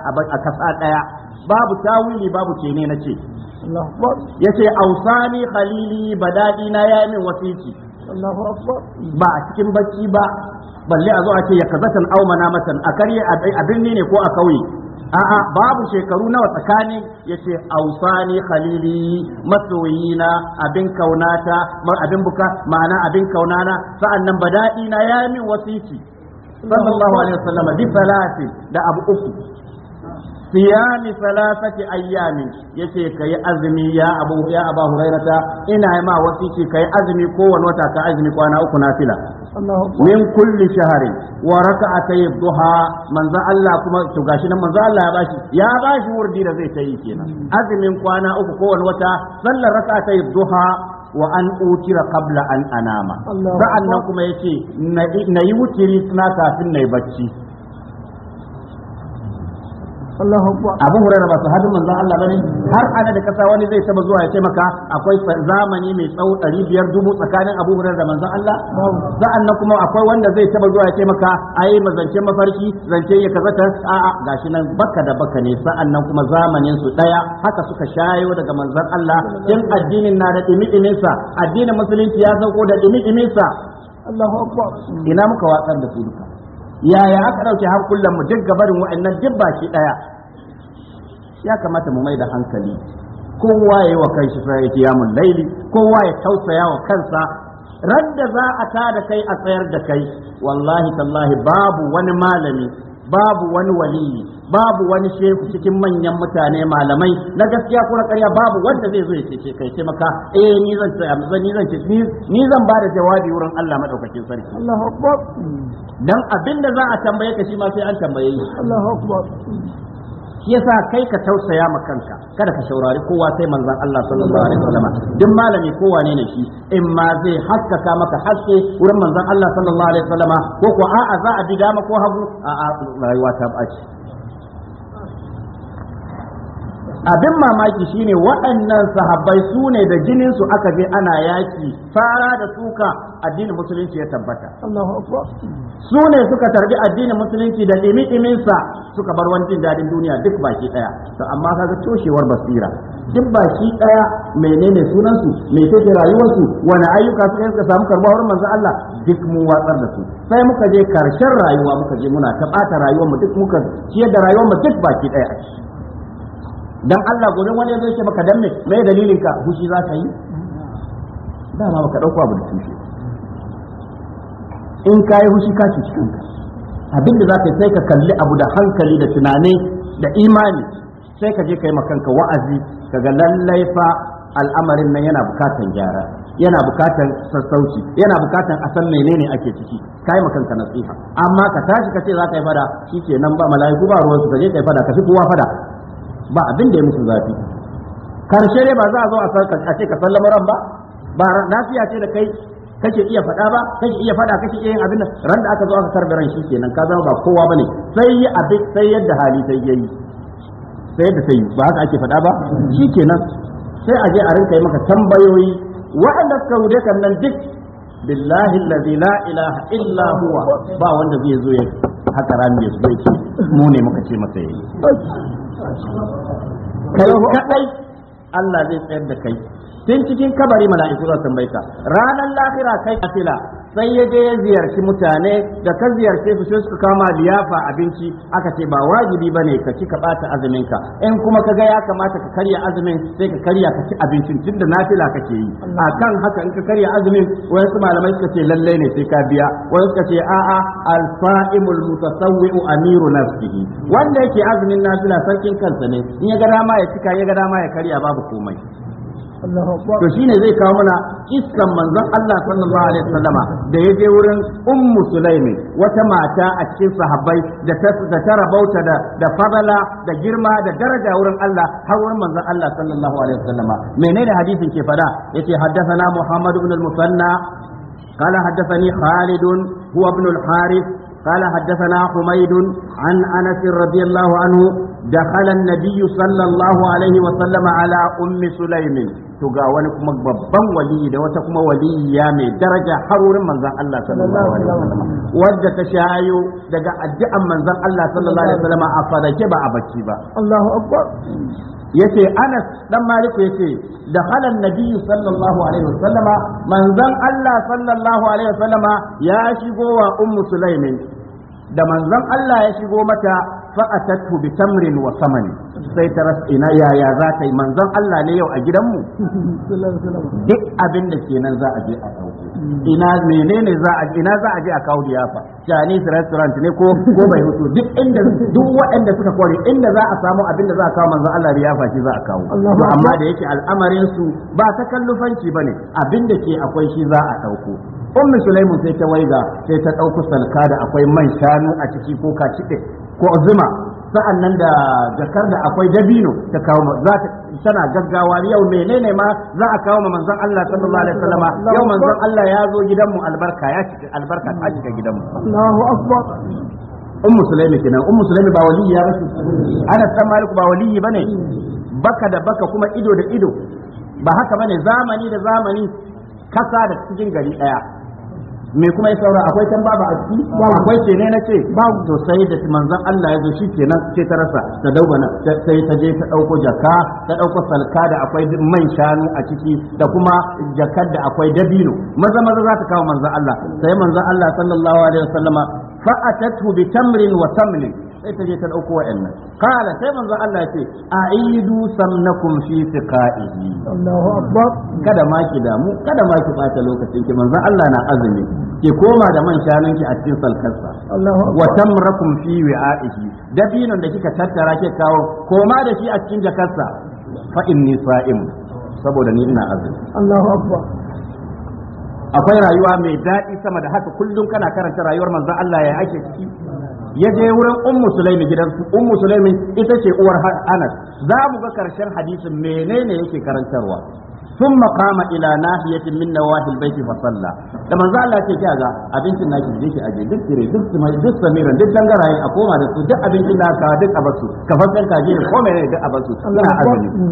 a babu tawili babu kene na ce ya ce ausani khalili badadi na ya min wasiki ba a cikin bacci ba balle a zo a ce ya kazatan au matan a karye a birni ne ko a kauye a'a babu shekaru nawa tsakani yace ausani khalili masoyina abin kaunata abin buka ma'ana abin kaunana sa'annan badadi na ya min wasiki sallallahu alaihi wasallam bi salati da abu uku siyami salasati ayyamin yace kayi azumi ya abu ya aba hurairata ina ma wasiki kai azumi kowane wata ka azumi kwana uku nafila min kulli shahrin wa rak'atay duha manzo Allah kuma to gashi nan manzo Allah ya bashi ya bashi wurdi da zai ta yi kenan azumin kwana uku kowane wata sallar rak'atay duha wa an utira qabla an anama sa'annan kuma yace na yi wutiri suna kafin nayi barci. abu hurairar ba hadu manzan Allah bane har ana da kasa wani zai taba zuwa ya taimaka akwai zamani mai tsawo ɗari biyar dubu tsakanin abu hurairar da manzan Allah za'an nan kuma akwai wanda zai taba zuwa ya taimaka a ai mazancen mafarki zance ya kazata a a gashi nan baka da baka ne sa'an nan kuma zamanin su daya haka suka shayo daga manzan Allah in addinin na da dimi sa addinin musulunci ya sauko da dimi sa Allahu akbar ina muka watsar da su duka yaya aka ɗauke hankulan mu duk gabarin wa'annan duk baki ɗaya ya kamata mu mai da hankali kowa ya yi wa kanshi sai ya mun laili kowa ya tausaya wa kansa Randa za a ta da kai a tsayar da kai wallahi tallahi babu wani malami babu wani wali, babu wani shehu cikin manyan mutane malamai na gaskiya ko na ƙarya babu wanda zai zo ya ce kai ce maka eh ni zan ce ni zan ce ni zan ba da jawabi wurin Allah madaukakin sarki Allahu akbar dan abinda za a tambaye ka shi ma sai an tambaye shi Allahu akbar shi yasa kai ka tausaya ma kanka kada ka saurari kowa sai manzon Allah sallallahu alaihi wasallam duk malami kowa ne ne shi in ma zai haskaka maka haske wurin manzon Allah sallallahu alaihi wasallam ko ko a'a za a bi dama ko hagu a'a rayuwa ta baci abin mamaki shine waɗannan sahabbai su ne da jinin su aka je ana yaki fara da suka addinin musulunci ya tabbata su ne suka tarbi addinin musulunci da ɗimi sa suka bar wani jin daɗin duniya duk baki ɗaya to amma kaga toshewar basira duk baki ɗaya menene sunan su me take rayuwar su wani ayyuka suka suka samu karbuwar manzo Allah duk mu watsar da su sai muka je karshen rayuwa muka je muna ta rayuwar mu duk muka ciyar da rayuwar mu duk baki ɗaya dan Allah gobe wani zai ce maka dan me dalilin ka hushi za ka yi dama baka dauko abu da tushe in ka yi hushi ka ci cikin abin da za ka sai ka kalli abu da hankali da tunani da imani sai ka je kai makanka wa'azi ka ga lallai fa al'amarin nan yana bukatan gyara yana bukatan sassauci yana bukatan a san menene ake ciki ka yi makanka nasiha amma ka tashi ka ce za ka yi fada shi ke nan ba mala'iku ba ruwansu ka je ka yi fada ka fi kowa fada ba abin da ya musu zafi karshe ne ba za a zo a ce ka sallama ran ba ba lafiya ce da kai kake iya faɗa ba kake iya faɗa kake iya yin abin da? ran da aka zo aka karbe ran shi kenan ka zama ba kowa bane sai yi abin sai yadda hali sai yayi sai yadda sai ba haka ake faɗa ba shi kenan sai a je a rinka yi maka tambayoyi Wa'anda ka wuce kan nan duk billahi allazi la ilaha illa huwa ba wanda zai zo ya haka rami ya zai ce mu ne muka ce masa yayi kai kadai Allah zai tsayar da kai tun cikin kabari mala'iku za su tambaye ka ranar lahira kai kafila sai ya je ya ziyarci mutane da ka ziyarce su sai suka kama liyafa abinci aka ce ba wajibi ba ne ka ci ka bata azumin ka in kuma ka ga ya kamata ka karya azumin sai ka karya ka ci abincin tunda nafila kake yi a kan haka in ka karya azumin wasu malamai suka ce lallai ne sai ka biya wasu suka ce a'a alfa'imul mutasawwi'u amiru nafsihi wanda yake azumin nafila sarkin kansa ne in ya ga dama ya cika ya ga dama ya karya babu komai
to shine zai kawo mana
iskan manzon Allah sallallahu alaihi wasallama da ya je wurin ummu sulaimi wata mata a cikin sahabbai da ta da ta rabauta da da fadala da girma da daraja wurin Allah har wurin manzon Allah sallallahu alaihi wasallama menene hadisin ke fada yace haddathana Muhammad ibn al-Musanna قال حدثني خالد هو ابن الحارث قال حدثنا حميد عن انس رضي الله عنه دخل النبي صلى الله عليه وسلم على ام سليم to ga wani kuma babban waliyi da wata kuma ya mai daraja har wurin manzon Allah sallallahu alaihi wasallam wadda ta shayo daga addu'an manzon Allah sallallahu alaihi wasallam a farake ba a bacci ba Allahu akbar yace Anas dan Malik yace da halan nabi sallallahu alaihi wasallam manzon Allah sallallahu alaihi wasallam ya shigo wa ummu Sulaimin da manzon Allah ya shigo mata fa'atatu bi tamrin wa samani sai ta rasa yaya za ta yi manzon Allah ne yau a gidanmu duk abin da kenan za a je a dauke ina za a je a diyafa Chinese restaurant ne ko ko bai duk inda duk waɗanda suka kware inda za a samu abin za a kawo manzon Allah diyafa shi za a kawo to amma da yake al'amarin su ba ta kallufanci bane abin ke akwai shi za a dauko ummu sai ta waiga sai ta dauko salka da akwai man shanu a ciki ko ka ko zuma sa'an nan da jakar da akwai dabino ta kawo za ta tana gaggawa yau menene ma za a kawo ma manzon Allah sallallahu alaihi wasallama yau manzon Allah ya zo gidanmu albarka ya cika albarka ta cika gidanmu Allahu akbar ummu sulaimi kenan ummu sulaimi ba waliyi ya bashi ana san maliku ba waliyi bane baka da baka kuma ido da ido ba haka bane zamani da zamani kasa da cikin gari daya me kuma ya saura akwai can babu ciki akwai ce ne na ce? babu to sai da manzon Allah ya zo shi shikenan ce ta rasa ta daubana sai ta je ta dauko jaka ta dauko salka da akwai man shanu a ciki da kuma jakar da akwai dabino maza maza za ta kawo manzon Allah sai manzon Allah sallallahu alaihi wasallama fa'atatu bi tamrin wa tamlin sai ta je ta dauko wa'annan qala sai manzo Allah ce aidu samnakum fi tiqaihi Allahu akbar kada ma ki damu kada ma ki bata lokacin ki manzo Allah na azumi ki koma da man shanun ki a cikin salkarsa Allahu akbar wa tamrakum fi wi'aihi dabinon da kika tattara kika kawo koma da shi a cikin jakarsa fa inni sa'im saboda ni ina azumi Allahu akbar akwai rayuwa mai daɗi sama da haka kullum kana karanta rayuwar manzon Allah ya ake ciki ya je wurin ummu sulaimi gidansu ummu sulaimi ita ce uwar anas za mu ga karshen hadisin menene yake karantarwa ثم قام الى ناحيه من نواحي البيت فصلى da manzo Allah ce kaga abincin naki je ki aje duk tire duk samiran duk dangaraye a koma da duk abincin naka duk a basu ka fasan ka je ko mai duk a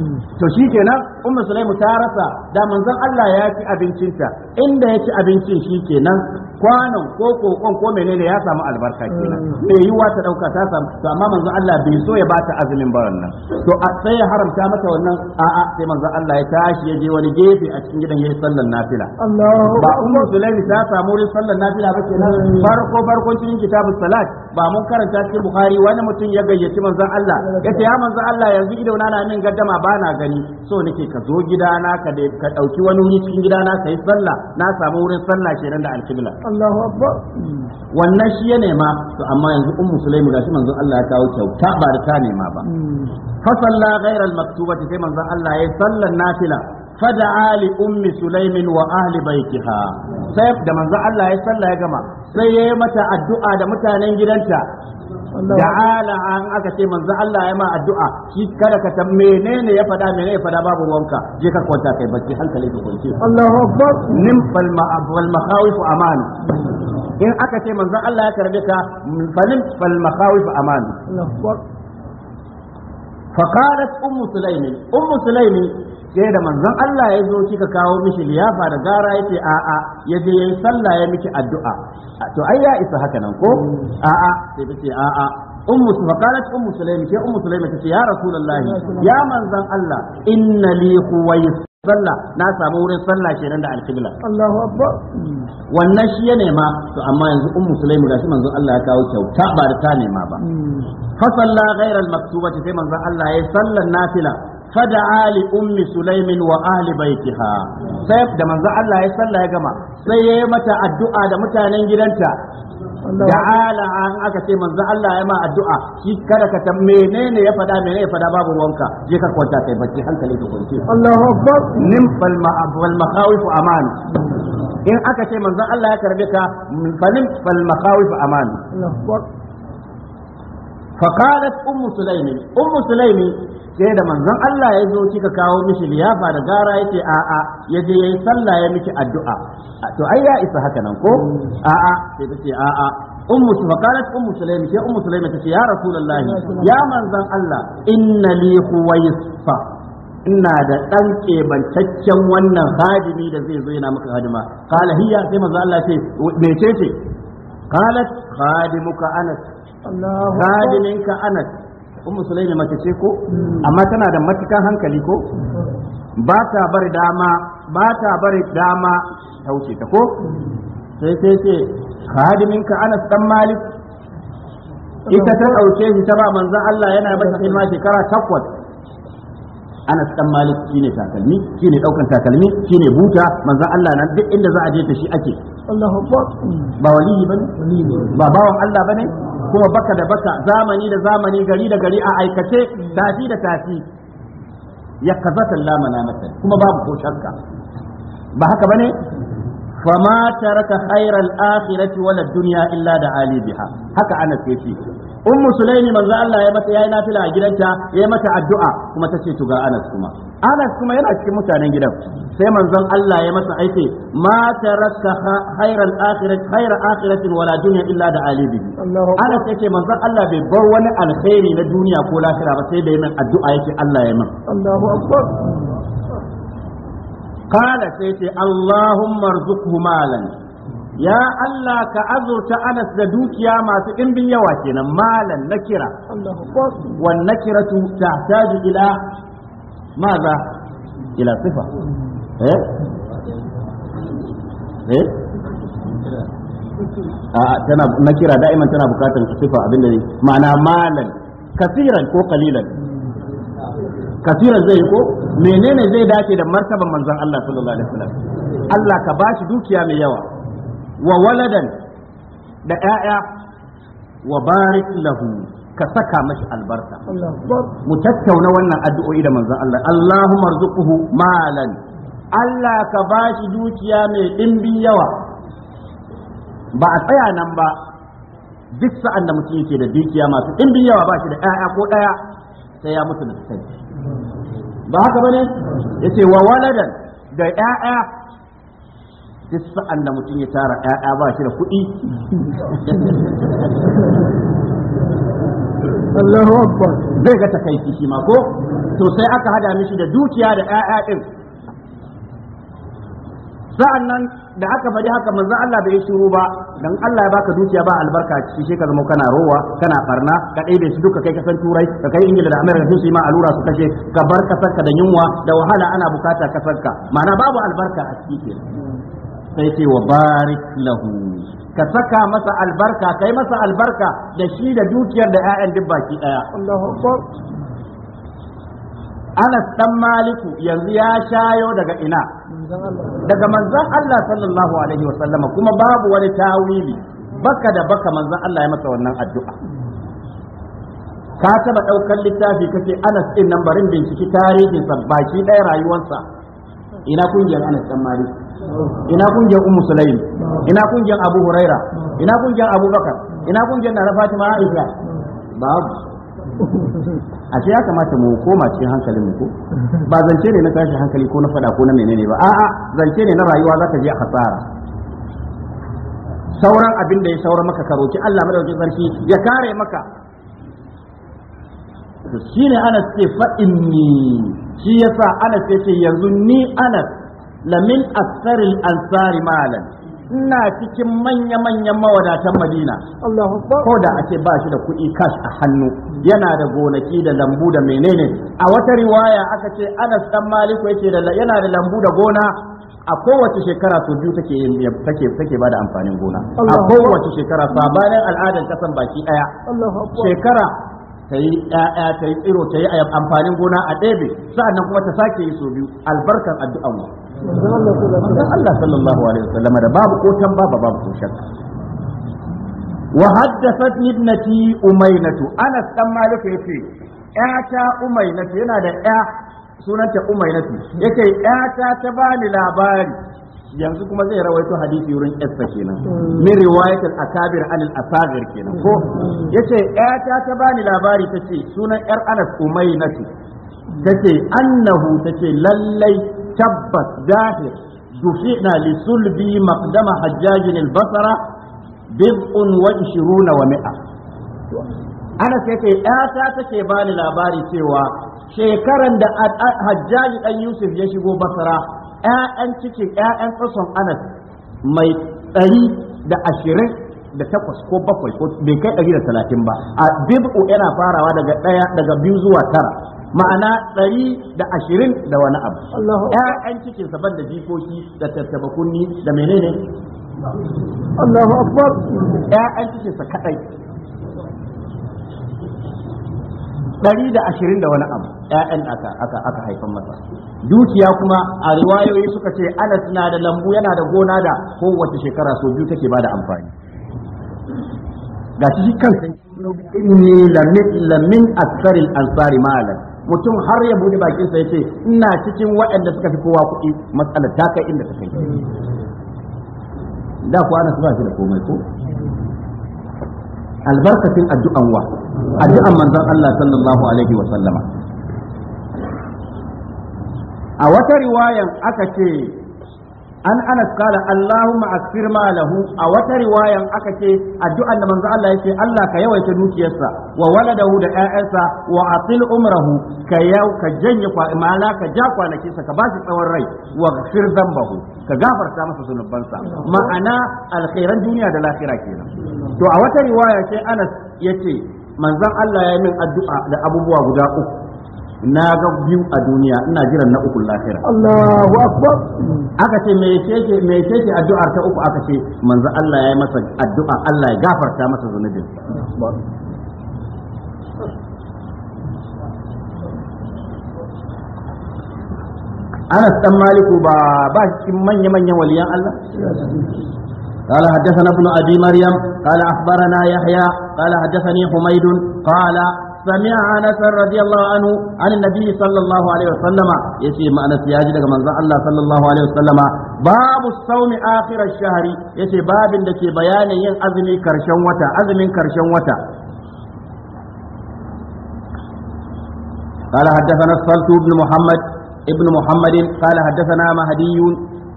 ina to umma sulaimu ta rasa da manzon Allah ya ci abincin ta inda ya ci abincin shi kenan kwanan ko kokon ko menene ya samu albarka kenan me mm. yiwa ta dauka ta samu to amma manzon Allah bai so ya bata azumin baran nan to a sai ya haramta mata wannan a'a sai manzon Allah ya tashi ya je wani gefe a cikin gidan yayin sallar nafila ba umma sulaimu ta samu wurin sallar nafila ba kenan mm. farko farkon cikin kitabus salat ba mun karanta cikin bukhari wani mutum ya gayyaci manzon Allah yace ya manzon Allah yanzu idona na min gaddama ba na gani so nake ka zo gidana ka ka dauki wani wuri cikin gidana ka yi sallah na samu wurin sallah kenan da alkibla Allahu akbar wannan shi ya nema to amma yanzu ummu sulaimu gashi manzon Allah ya kawo kyauta ba da ta nema ba hmm. fa salla ghayra al sai manzon Allah ya sallan nafila fada Ali ummi sulaimin wa ahli baitiha sai da manzon Allah ya salla ya gama sai ya yi mata addu'a da mutanen gidanta da'ala an aka ce manzo Allah ya ma addu'a shi kada ka ta menene ya fada menene ya fada babu wanka je ka kwanta kai bacci hankali ka kwance Allahu akbar nim bal ma'abul makhawif aman in aka ce manzo Allah ya karbe ka falim bal makhawif aman qalat ummu سليم ummu سليم sai da manzon Allah ya zo kika kawo mishi liyafa da gara yace a'a ya je yayi sallah ya miki addu'a to ai ya isa haka nan ko a'a sai ta ce a'a ummu faqalat ummu sulaimi ke ummu sulaimi ta ya rasulullahi ya manzon Allah inna li khuwais sallah na samu wurin sallah kenan da alqibla Allahu akbar wannan shi ya nema to amma yanzu ummu sulaimi gashi manzon Allah ya kawo kyauta ba da ta nema ba hmm. fa sallah ghayra al-maktubati sai manzon Allah ya sallan nafila fada'a li ummi sulaimin wa ahli baitiha sai da manzo Allah ya salla ya gama sai ya mata addu'a da mutanen gidanta da ala an aka ce manzo Allah ya ma addu'a shi kada ka ta menene ya fada menene ya fada babu wanka. je ka kwanta kai bacci hankali ka kwance Allahu akbar nim bal ma'abal makhawif aman in aka ce manzo Allah ya karbe ka balim bal makhawif aman فقالت أم سليم أم سليم sai da manzon Allah ya zo kika kawo mishi liyafa da gara yace a'a ya je yayi sallah ya miki addu'a to ai ya isa haka nan ko a'a sai ta ce a'a ummu su faqalat ummu sulaimi sai ummu sulaimi ta ce ya rasulullahi ya manzon Allah inna li khuwaisfa ina da dan kebantaccen wannan hadimi da zai zo yana maka hadima qala hiya sai manzon Allah ce me ce qalat khadimuka anas Khadiminka Anas ummu sulaimi mace ce ko amma tana da matukan hankali ko ba ta bar dama ba ta bar dama ta wuce ta ko sai sai ce ka Anas dan Malik ita ta dauke shi ta ba manzon Allah yana bashi hidima shekara takwas Anas dan Malik shine takalmi shine daukan takalmi shine buta manzon Allah nan duk inda za a je ta shi ake Allahu Akbar ba wali bane ba bawan Allah bane kuma baka da baka zamani da zamani gari da gari a aikace tafi da tafi ya kazata lamana mata kuma babu ko shakka ba haka bane fama taraka khairal akhirati wala dunya illa da ali biha haka Anas yace ummu sulaimi manzo Allah ya mata yayi nafila a gidanta ya mata addu'a kuma ta ce to ga Anas kuma Anas kuma yana cikin mutanen gidan sai manzon Allah ya masa aike ma taraka khairal akhirati khaira akhiratin wala dunya illa da alibi Anas yake manzon Allah bai bar wani alkhairi na duniya ko lahira ba sai da yayin addu'a yake Allah ya min Allahu akbar قال سيتي Allahumma ارزقه مالا ya Allah ka azurta Anas da dukiya masu ɗimbin yawa kenan malan nakira wan ta tahtaju ila maza ila sifa eh eh a tana nakira da'iman tana bukatar sifa abinda ne. ma'ana malan kasiran ko qalilan
kasiran zai ko
menene zai dace da martaban manzon Allah sallallahu alaihi wasallam Allah ka bashi dukiya mai yawa wa waladan da ƴaƴa wa barik lahu ka saka mashi albarka mu tattauna wannan addu'o'i da manzon Allah Allahumma arzuquhu malan Allah ka bashi dukiya mai ɗimbin yawa ba a tsaya nan ba duk sa'an da mutum yake da dukiya masu ɗimbin yawa ba shi da ‘ya'ya ko ɗaya sai ya mutu da ba haka bane yace wa waladan da ‘ya'ya duk sa'an da mutum ya tara ƴaƴa ba shi da kuɗi Allahu Akbar zai ga takaici shi ma ko to sai aka hada mishi da dukiya da ƴaƴa din sa'an nan da aka faɗi haka manzo Allah bai shiru ba dan Allah ya baka dukiya ba albarka ci shi ka zama kana rowa kana farna ka ɗebe su duka kai kasan turai ka kai ingila da amerika sun su yi ma alura su kashe ka bar kasarka da yunwa da wahala ana bukata ka, ma'ana babu albarka a ciki sai ce wa barik lahu ka saka masa albarka kai masa albarka da shi da dukiyar da 'ya'yan duk baki daya Anas dan Maliku yanzu ya shayo daga ina daga manzon Allah sallallahu alaihi wa sallama kuma babu wani tawili baka da baka manzon Allah ya masa wannan addu'a ka taba daukar littafi kace Anas din nan barin bincike tarihin sa baki ɗaya rayuwarsa ina kungiyar Anas dan Maliku ina kungiyar ummu sulaim ina kungiyar abu huraira ina kungiyar Bakar? ina kungiyar na fatima aisha babu ce (laughs) ya kamata mu koma cikin hankalin mu ko ba zance ne na tashi hankali ko na fada ko na menene ba a'a zance ne na rayuwa zaka je a hasara sauran abin da ya saura maka ki, Allah madaukakin sarki ya kare maka Shi shine Anas ce fa inni shi yasa Anas ce yanzu ni Anas lamin al ansari malan ina cikin manya-manyan mawadatan madina ko da ake ba shi da kuɗi cash a hannu yana da gonaki da lambu da menene a wata riwaya aka ce anas dan maliku yake da yana da lambu da gona a kowace shekara sau biyu take take take bada amfanin gona a kowace shekara sabanin al'adar kasan baki daya shekara yi ɗaya ta tsiro ta yi amfanin gona a ɗebe sa'annan kuma ta sake yi sau biyu albarkan addu'an manzon Allah sallallahu alaihi wasallam da babu ko tambaba babu ko shakka wa haddathatni ibnati umaynatu anas dan malik yace ta umaynatu yana da ya sunanta umaynatu yace ta ta bani labari yanzu kuma zai rawaito hadisi wurin Esta kenan min riwayatul akabir anil asagir kenan ko yace ta ta bani labari tace sunan yar anas umaynatu tace annahu tace lallai tabbas zahir dufi'na li sulbi maqdama hajjajin al-basra bid'un wa ishiruna wa mi'a ana sai ƴata take bani labari cewa shekaran da hajjaji dan yusuf ya shigo basara ƴaƴan cikin ƴaƴan kusan anas mai ɗari da ashirin da takwas ko bakwai ko bai kai ɗari da talatin ba a bib'u yana farawa daga ɗaya daga biyu zuwa tara ma'ana ɗari da ashirin da wani abu Ya'yan cikin saban da jikoki da tattaba kunni da menene Allahu akbar ‘ya’yan cikin sa kadai ɗari da ashirin da wani abu ya'yan aka aka aka haifan masa dukiya kuma a riwayoyi suka ce Anas na da lambu yana da gona da kowace shekara so biyu take bada amfani ga shi kansa ne lamin aksarin ansari malam mutum har ya bude bakinsa ya ce ina cikin waɗanda suka fi kowa kuɗi matsalar ta kai inda ta kai da ku ana ba shi da komai ko albarkatin addu'an wa addu'an manzon Allah sallallahu alaihi wa sallama a wata riwayan aka ce an ana kala allahumma akfir malahu a wata riwayan aka ce addu'an da manzo Allah yake Allah ka yawaita dukiyarsa wa waladahu da ƴaƴansa wa atil umrahu ka yau ka janye kwa imala ka ja kwanakin sa ka ba shi tsawon rai wa ghfir zambahu, ka gafarta masa zunubansa ma'ana alkhairan duniya da lahira kenan to a wata riwaya sai Anas yace manzon Allah ya yi min addu'a da abubuwa guda uku na ga biyu a duniya ina jiran na uku lahira Allahu akbar aka ce me yake me yake addu'ar ta uku aka ce manzo Allah ya yi masa addu'a Allah ya gafarta masa zunubin Anas dan Maliku ba ba cikin manya-manyan waliyan Allah قال حدثنا ابن ابي مريم قال اخبرنا يحيى قال حدثني حميد قال سمع أنس رضي الله عنه عن النبي صلى الله عليه وسلم يتي ما أنس يجد من الله صلى الله عليه وسلم باب الصوم آخر الشهر يتي باب دكي بيان ين أزمي كرشن وتا أزمي كرشن وتا قال حدثنا الصلت بن محمد ابن محمد قال حدثنا مهدي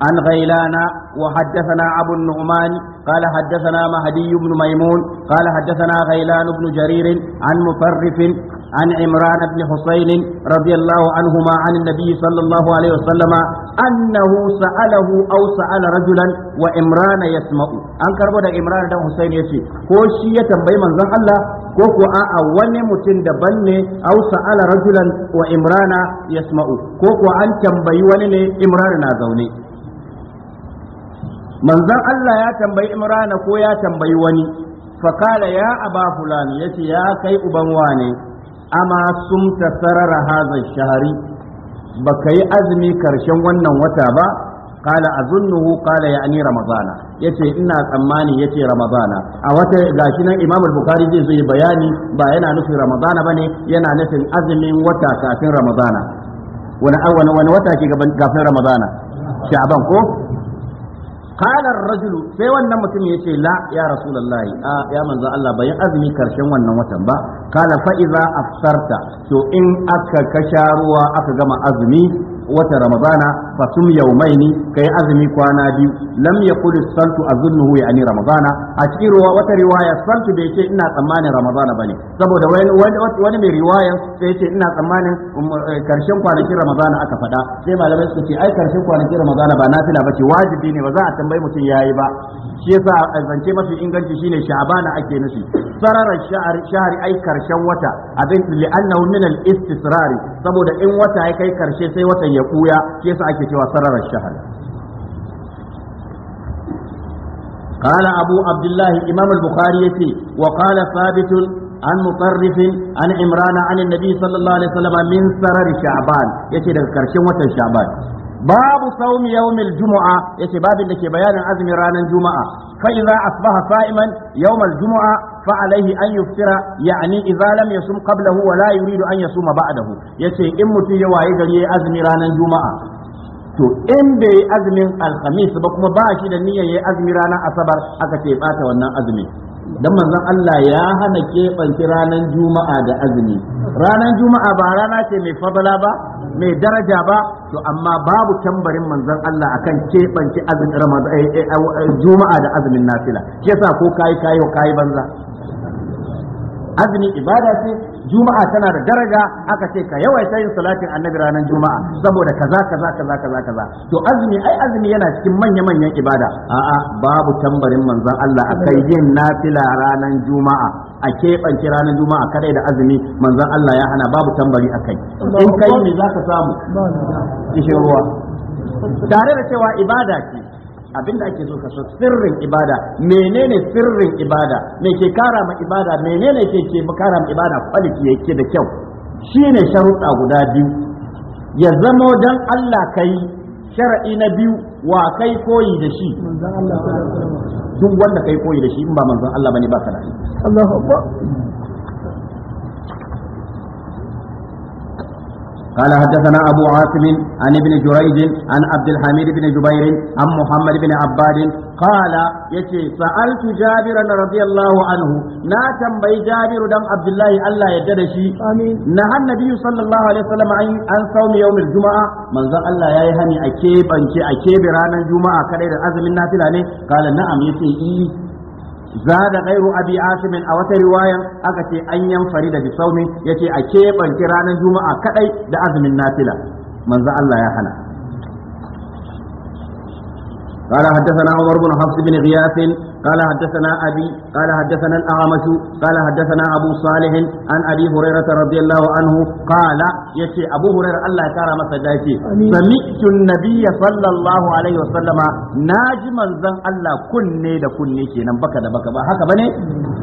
عن غيلان وحدثنا أبو النعمان قال حدثنا مهدي بن ميمون قال حدثنا غيلان بن جرير عن مطرف عن عمران بن حسين رضي الله عنهما عن النبي صلى الله عليه وسلم أنه سأله أو سأل رجلا وإمران يسمع أن كربو دا عمران بن حسين يسي كو شي يتنبي من ذن الله كو كو آآ وني متن دبني أو سأل رجلا وإمران يسمع كو كو أن تنبي وني إمران نازوني manzon Allah ya tambayi Imrana ko ya tambayi wani fakala ya aba fulan yace ya kai uban wane amma sun tasarara hazan shahari baka yi azumi karshen wannan wata ba kala a kala ya ani يعني ya yace ina tsammani yace ramadana a wata gashi nan imam bukhari zai zo bayani ba yana nufin ramadana bane yana nufin azumin wata kafin ramadana wani wata ke kafin ramadana sha'ban ko qala ar sai wannan mutum ya ce la ya rasulullah a ya manzo Allah bayan azumi karshen wannan watan ba kala fa idza afsarta to in aka kasha ruwa aka gama azumi wata ramadana fa sum yawmaini kai azumi kwana biyu lam yaqul saltu azunnuhu yani ramadana a cikin wata riwaya Santu bai ce ina tsammanin ramadana bane saboda wani mai riwayan sai ce ina tsammanin um, eh, karshen kwanakin ramadana aka faɗa sai malamai suka ce ai karshen kwanakin ramadana ba nafila bace wajibi ne ba za a tambayi mutum yayi ba shi yasa eh, zance mafi inganci shine sha'bana ake nufi sararar shahari ai karshen wata abin li'annahu min al-istisrari saboda in wata ya kai karshe sai wata ciwon ya buya shi yasa ake cewa sararar shahar قال أبو عبد الله إمام البخاري وقال ثابت عن مطرف عن عمران عن النبي صلى الله عليه وسلم من سرر شعبان يتي daga karshen watan sha'ban babu saumi yawmil jumu'a yace babin da ke bayanin azumin ranar juma'a fa idza asbaha sa'iman yaumar Juma'a. فعليه أن يفطر يعني إذا لم يصم قبله ولا يريد أن يصوم بعده يتي إمتي ya غري أزمي رانا جمعة to in bai yi azumin alhamis ba kuma ba shi da niyyar yayi azumi ranar asabar aka ce bata wannan azumi dan manzon Allah ya hana keɓance ranar juma'a da azumi ranar juma'a ba rana ce mai fadala ba mai daraja ba to amma babu tambarin manzon Allah akan keɓance azumin eh, eh, eh, juma'a da azumin nafila yasa ko kai kai kai banza azumi ibada ce juma'a tana da daraja aka ce ka yawaita yin salatin annabi ranar juma'a saboda kaza kaza kaza kaza kaza to azumi ai azumi yana cikin manya manyan ibada a'a babu tambarin manzon Allah akai yin nafila ranar juma'a a keɓance ranar juma'a kadai da azumi manzon Allah ya hana babu tambari akai in kai ne zaka samu kishin ruwa tare da cewa ibada ce abin da ake so ka so sirrin ibada menene sirrin ibada me ke kara ma ibada menene ke ke kara ma ibada kwaliti yake da kyau shine sharuɗa guda biyu ya zama dan Allah kai shar'i na biyu wa kai koyi da shi duk wanda kai koyi da shi in ba manzon Allah bane ba kana Allahu akbar قال حدثنا أبو عاصم عن ابن جريج عن عبد الحميد بن جبير عن محمد بن عباد قال يتي سألت جابرا رضي الله عنه نا تنبي جابر دم عبد الله الله يدرشي آمين نهى النبي صلى الله عليه وسلم عن صوم يوم الجمعة من ذا الله يهني أكيب أنك أكيب رانا الجمعة كرير أزم النافلة قال نعم يتي إيه zada ghairu abi asim a wata riwaya aka ce an yan farida bi saumi yace a kebanci ranar juma'a kadai da azumin nafila manzo Allah ya hana قال حدثنا umar بن حفص بن غياث قال حدثنا أبي قال حدثنا الأعمش قال حدثنا أبو صالح عن أبي هريرة رضي الله عنه قال يشي أبو هريرة الله كرم سدايتي سمعت النبي صلى الله عليه وسلم ناجما زن الله كني لكني كي نبكى دبكى هكذا بني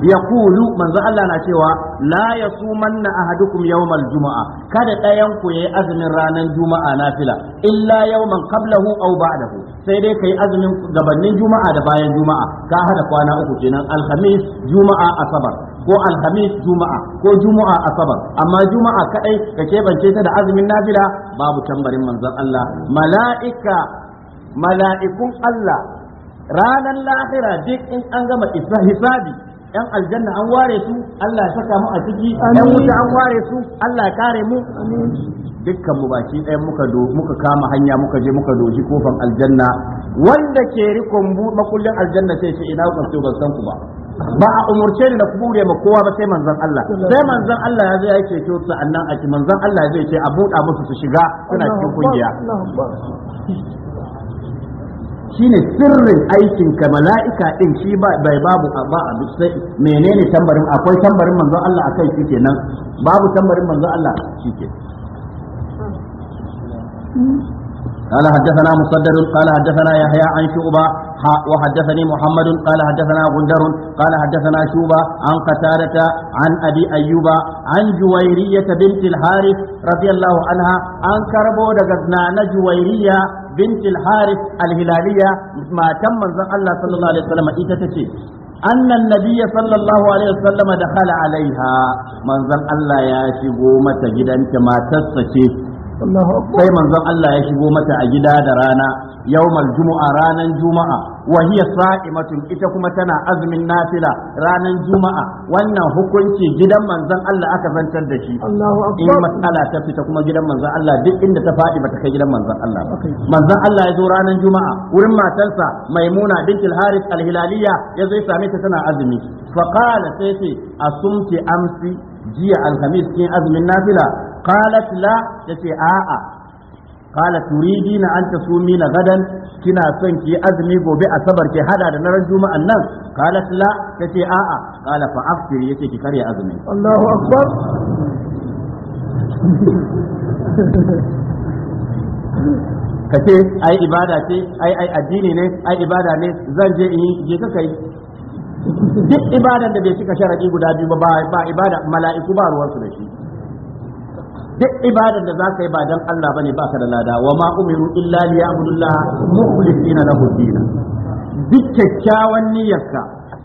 yaqulu manzo Allah na cewa la yasumanna ahadukum yawmal juma'a kada ɗayan ku yayi azumin ranar juma'a nafila illa yawman qablahu aw ba'dahu sai dai kai azumin gabanin juma'a da bayan juma'a ka hada kwana uku kenan alhamis juma'a asabar ko alhamis juma'a ko juma'a asabar amma juma'a kadai ka kebance ta da azumin nafila babu tambarin manzon Allah mala'ika mala'ikun Allah ranar lahira duk in an gama hisabi yan aljanna an ware su Allah ya saka mu a ciki yan wuta an ware su Allah ya kare mu dukkan mu baki ɗaya muka muka kama hanya muka je muka doji kofan aljanna wanda ke rikon bu makullin aljanna sai shi ina ku ban san ku ba ba a umurce ni na bude ma kowa ba sai manzon Allah sai manzon Allah ya zai yake to su annan a manzon Allah zai ce a buɗa musu su shiga suna cikin kungiya shine sirrin aikin ka mala'ika din shi ba bai babu ba a sai menene tambarin akwai tambarin manzon Allah akai shi kenan babu tambarin manzon Allah shi ke
قال حدثنا
مصدر قال حدثنا يحيى عن شعبة وحدثني محمد قال حدثنا غندر قال حدثنا شوبة عن قتادة عن أبي أيوب عن جويرية بنت الحارث رضي الله عنها عن كربو دغزنا جويرية bintil Haris al-hilaliya matan manzon Allah sallallahu alaihi wasallam ita tace أن النبي صلى الله عليه وسلم دخل عليها من ظن الله يا شبومة جدا كما تستشي sai manzon Allah ya shigo mata a gida da rana yawmal juma'a ranan juma'a wa hiya sa'imatun ita kuma tana azumin nafila Ranan juma'a wannan hukunci gidan manzon Allah aka zantar da shi in matsala ta fita kuma gidan manzon Allah duk inda ta faɗi bata kai gidan manzon Allah ba manzon Allah ya zo ranar juma'a wurin matarsa maimuna bintul haris al-hilaliya ya zo sami ta tana azumi fa qala sai ce amsi jiya alhamis kin azumin nafila qalat la tace a'a qala turidina an tasumina gadan kina son ki azumi gobe asabar ke hada da ran juma'a? nan qalat la tace a'a qala fa aftir yace ki karya azumi Allahu akbar kace ai ibada ce ai ai addini ne ai ibada ne zan je in je ka kai duk ibadan da bai cika sharadi guda biyu ba ba ibada mala'iku ba ruwan su da shi duk ibadar da zaka yi ba dan Allah bane baka da lada wa ma umiru illa liya'budullah mukhlisina lahu din duk kyakkyawan niyyarka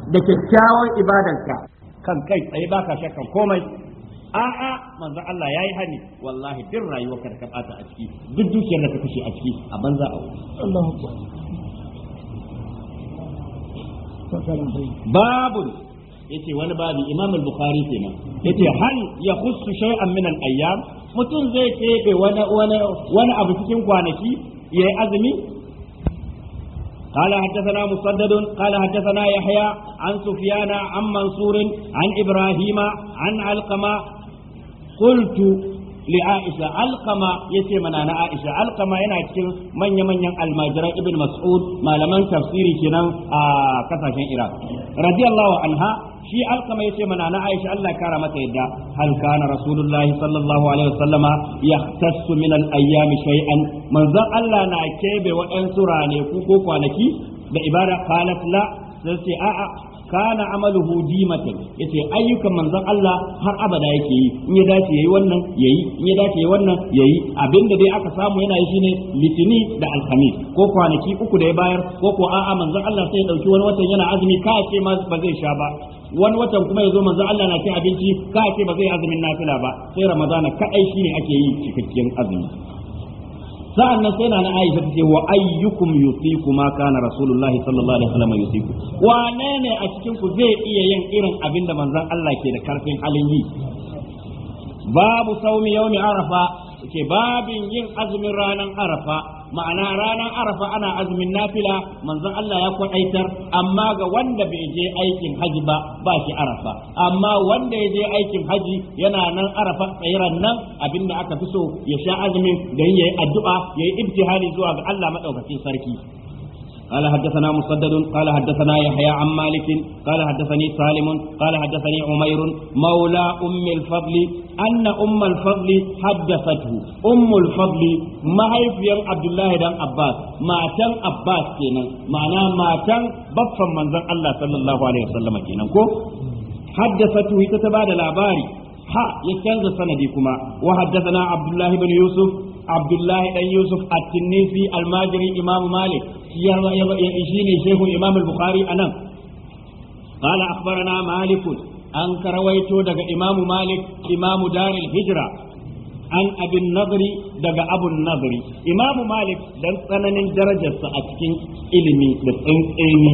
da kyakkyawan ibadanka kan kai tsaye baka shakkan komai a'a manzo Allah yayi hani wallahi din rayuwarka ka bata a ciki duk dukiyar da ka kashe a ciki a banza a wuri Allahu akbar babun yace wani babu imam al-bukhari kenan yace hal yakhussu shay'an min al-ayyam mutum zai tebe wani abu cikin kwanaki ya yi azumi? kala hajjasa na musaddadun kala hajjasa na an sufiyana an mansurin an ibrahima an alkama kultu li Aisha alqama yace mana na Aisha yana cikin manya-manyan almajiran Ibn Mas'ud malaman tafsiri kenan a kasashen Iraq radiyallahu anha shi alkama yace mana na Aisha Allah kara mata yadda hal kana rasulullahi sallallahu alaihi wasallama yahtassu min al-ayyam shay'an manzon Allah na kebe waɗansu rane ko kwanaki da ibada qalat la sai a'a kana amaluhu dimatan yace ayyukan manzon Allah har abada yake yi in ya dace yayi wannan yayi in ya dace yayi wannan yayi abinda dai aka samu yana yi shine litini da alhamis ko kwanaki uku da ya bayar ko ko a'a manzon Allah sai ya dauki wani watan yana azumi ka ce ma ba zai sha ba wani watan kuma yazo manzon Allah na ci abinci ka ce ba zai azumin nafila ba sai ramadana kadai shine ake yi cikakken azumi sa'an nan sai na Aisha ta ce wa ayyukum yusiku ma kana rasulullahi sallallahu alaihi wasallam yusiku wane ne a cikin ku zai iya yin irin abin da manzon Allah ke da karfin halin yi babu saumi yawmi arafa ke babin yin azumin ranar arafa ma'ana ranar arafa ana azumin nafila manzon Allah ya kwaɗaitar amma ga wanda bai je aikin haji ba ba shi arafa amma wanda ya je aikin haji yana nan arafa tsayiran nan abinda aka fi so ya sha azumin da yayi addu'a yayi ibtihali zuwa ga Allah madaukakin sarki قال حدثنا مسدد قال حدثنا يحيى عن مالك قال حدثني سالم قال حدثني عمير مولى أم الفضل أن أم الفضل حدثته أم الفضل ما هي في عبد الله بن عباس ما كان عباس كينا معناه ما كان بفا من الله صلى الله عليه وسلم كينا كو حدثته تتبادل العباري ها يكنز سندي كما وحدثنا عبد الله بن يوسف عبد الله بن يوسف التنيسي الماجري إمام مالك shine shehu imam al-bukhari anan qala akhbarana malik an karawaito daga imam malik imam dar hijira, hijra an abin nazari daga abun nazari, imam malik dan tsananin darajarsa a cikin ilimi da tsantseni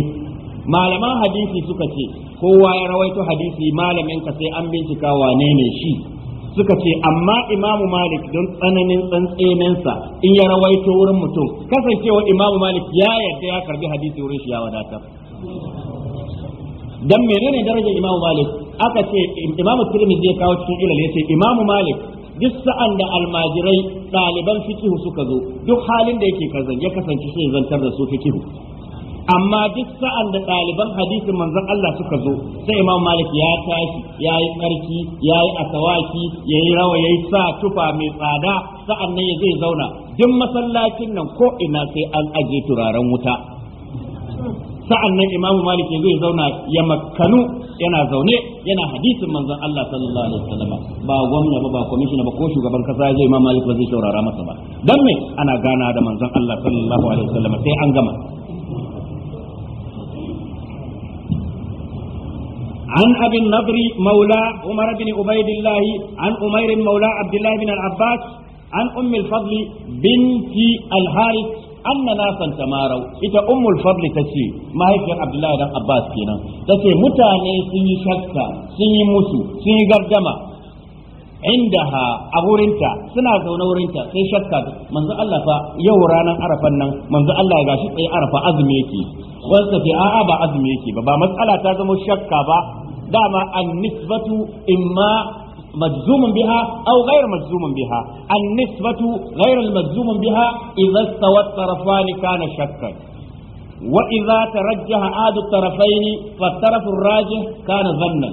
malaman hadisi suka ce kowa ya rawaito hadisi malamin ka sai an bincika wane ne shi suka ce amma imamu malik don tsananin tsantsenensa in ya rawaito wurin mutum kasancewa imamu malik ya yadda ya karbi hadisi wurin shi ya wadatar dan menene darajar imamu malik aka ce imamu tirmidhi ya kawo cikin ilal ce imamu malik duk sa'an da almajirai ɗaliban fikihu suka zo duk halin da yake kazan ya kasance sai zantar da su fikihu amma duk sa'an da ɗaliban hadisin manzon Allah suka zo sai Imam Malik ya tashi ya yi tsarki ya yi asawaki ya yi rawa ya yi sa tufa mai tsada sa'an nan ya zai zauna duk masallacin nan ko ina sai an aje turaren wuta sa'an nan Imam Malik ya zai zauna ya makkanu yana zaune yana hadisin manzon Allah sallallahu alaihi wasallam ba gwamna ba ba kwamishina ba ko shugaban kasa zai Imam Malik ba zai saurara masa ba dan me ana gana da manzon Allah sallallahu alaihi wasallam sai an gama عن أبي النضر مولى عمر بن عبيد الله عن أمير مولى عبد الله بن العباس عن أم الفضل بنت الحارث أن ناسا تماروا إذا أم الفضل تسي ما هي عبد الله بن عباس كنا تسي متاني سني شكا سني مسو سني قردما indaha a wurinta suna zaune wurinta sai shakka manzo Allah fa yau ranar arafan nan manzo Allah ya gashi tsaye arafa azumi yake wanda ce a'a ba azumi yake ba ba matsala ta zama shakka ba dama an-nisbatu imma مجزوم بها أو غير مجزوم بها النسبة غير المجزوم بها إذا استوى الطرفان كان شكا وإذا ترجح أحد الطرفين فالطرف kana كان wa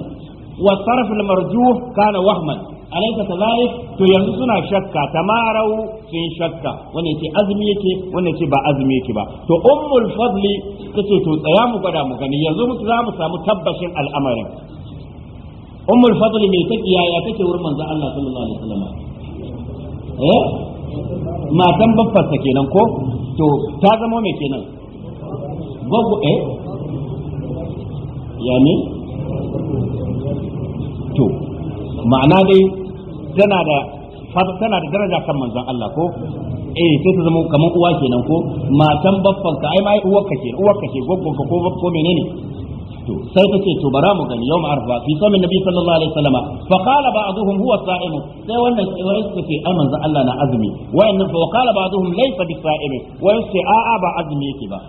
والطرف المرجوح kana وهما alaysa kadhalik to yanzu suna shakka tamarau sun shakka wani yake azumi yake wani yake ba azumi yake ba to ummul fadli tace to tsaya mu gwada mu gani yanzu mu za mu samu tabbashin al'amarin ummul fadli mai take yaya take wurin manzo Allah sallallahu alaihi wasallam eh matan ta kenan ko to ta zama mai kenan gogo eh ya ne to ma'ana dai tana da tana da daraja kan manzon Allah ko eh sai ta zama kamar uwa kenan ko matan baffan ka ai mai uwarka ke uwarka ke goggon ka ko ko menene to sai ta ce to bara mu gani yau arfa fi samin nabi sallallahu alaihi wasallam fa qala ba'dhum huwa sa'im sai wannan wai suka ce ai manzon Allah na azumi wayannan fa qala ba'dhum laysa bisa'im wai sai a'a ba azumi yake ba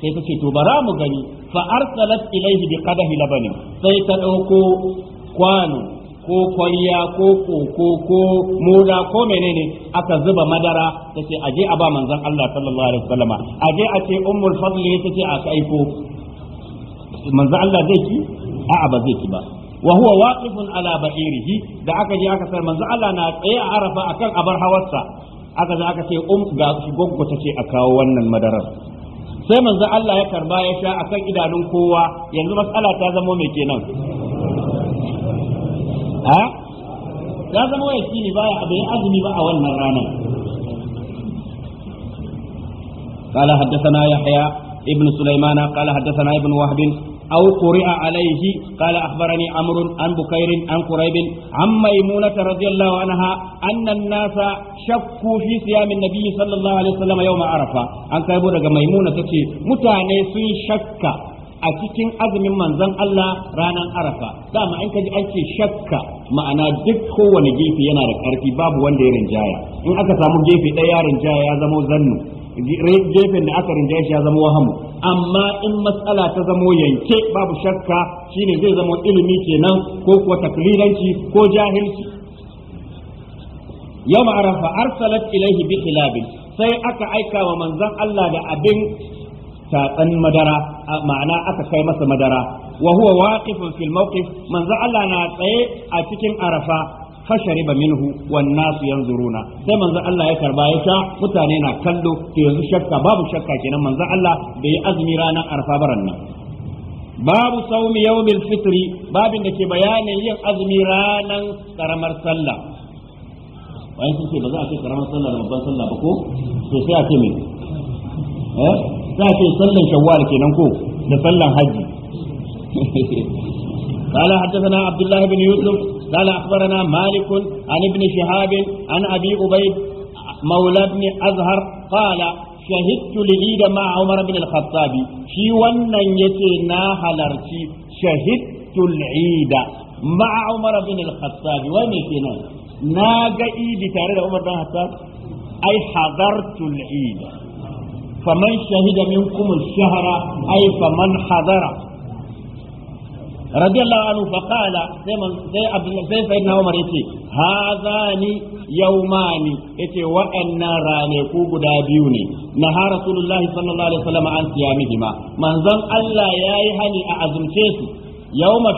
sai ta ce to bara mu gani fa arsalat ilaihi bi qadahi labani sai ta dauko kwano ko kwarya ko koko ko mura ko menene aka zuba madara ta ce aje a ba manzon Allah sallallahu alaihi wasallama aje a ce ummul fadli ta ce a kaiko manzon Allah zai ki? a'a ba zai ki ba wa huwa waqifun ala ba'irihi da aka je aka sar manzon Allah na tsaye a arafa akan abar hawarsa aka za aka ce um ga goggo ta ce a kawo wannan madarar sai manzon Allah ya karba ya sha akan idanun kowa yanzu mas'ala ta zama mai kenan ha ya zama waya ne baya abu ya azumi ba a wannan ranar قال حدثنا يحيى ابن سليمان قال حدثنا ابن وهب أو قرئ عليه قال أخبرني عمرو عن بكير عن قريب عن ميمونة رضي الله عنها أن الناس شكوا في صيام النبي صلى الله عليه وسلم يوم عرفة عن كيبورة ميمونة تشي متعني سن شك a cikin azumin manzon Allah ranar Arafa dama in kaji an ce shakka ma'ana duk kowane gefe yana da ƙarfi babu wanda ya rinjaya in aka samu gefe ɗaya ya rinjaya ya zama zannu gefen da aka rinjaya shi ya zama wahamu amma in matsala ta zamo yanke babu shakka shine zai zama ilimi kenan ko kuwa taklilanci ko jahilci yau arafa arsalat ilaihi bi sai aka aika wa manzon Allah da abin tatsan madara ma'ana aka kai masa madara wa huwa waqifun fil mawqif manzo Allah na tsaye a cikin arafa fashariba minhu wan nasu yanzuruna sai manzo Allah ya karba ya sha mutane na kallo to yanzu shakka babu shakka kenan manzo Allah bai azumi ranar arafa baran nan babu saumi yawmil fitri babin da ke bayanin yin azumi ranar karamar sallah bayan sun ce ba za a ce karamar sallah da babban sallah ba ko to sai a ce me eh za ce sallan shawwal kenan ko da sallan haji قال حدثنا عبد الله بن يوسف قال اخبرنا مالك عن ابن شهاب عن ابي عبيد مولى ابن ازهر قال شهدت للعيد مع عمر بن الخطاب شي ون yace na شهدت العيد مع عمر بن الخطاب وين kenan na ga تاريخ عمر بن الخطاب اي حضرت العيد faman shahida minkum ash-shahra ay faman hadara radiyallahu anhu fa qala sai man sai abdul sai sayyidina umar yace hazani yawmani yace wa'annan rane ku guda biyu ne na ha rasulullahi sallallahu alaihi wasallam an siyamihima manzon Allah yayi hali a azumce su yawma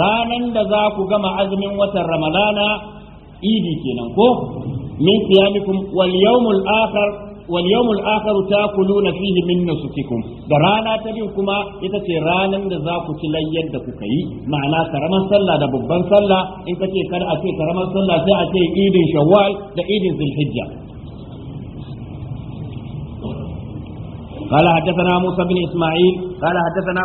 ranan da za ku gama azumin watan ramadana idi kenan ko min siyamikum wal yawmul akhar wal yawmul akhar takuluna fihi min nusukikum da rana ta biyu kuma ita ce ranan da za ku ci layyan da kuka yi ma'ana karamar sallah da babban sallah in kace kar a ce karamar sallah sai a ce idin shawwal da idin zulhijja قال حدثنا موسى بن اسماعيل قال حدثنا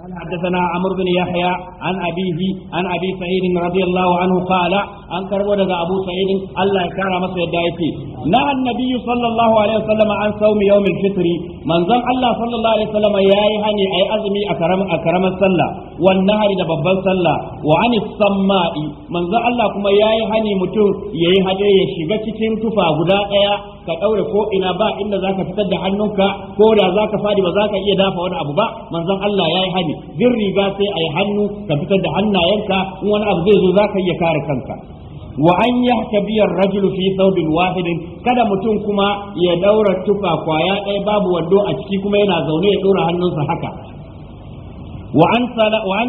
قال حدثنا عمرو بن يحيى عن أبيه عن أبي سعيد رضي الله عنه قال عن كربونة أبو سعيد الله كرم سيدايتي نهى النبي صلى الله عليه وسلم عن صوم يوم الفطر من ظن الله صلى الله عليه وسلم يا هني أي أزمي أكرم أكرم الصلاة والنهر دببان صلاة وعن السماء من ظن الله كما يا هني متو يا هدي يشيغتي تيم تفا غدا ka ɗaure ko ina ba inda zaka fitar da hannunka ko da zaka fadi ba zaka iya dafa wani abu abu ba manzon Allah ya yi hani bin riga sai a yi hannu ka fitar da hannayenka in wani abu zai zo za ka iya kare kanka wa an tabiyar rajulu fi saudin wahidin kada mutum kuma ya daura tufa kwaya ɗaya babu wando a ciki kuma yana zaune ya dora hannunsa haka وعن صلاة وعن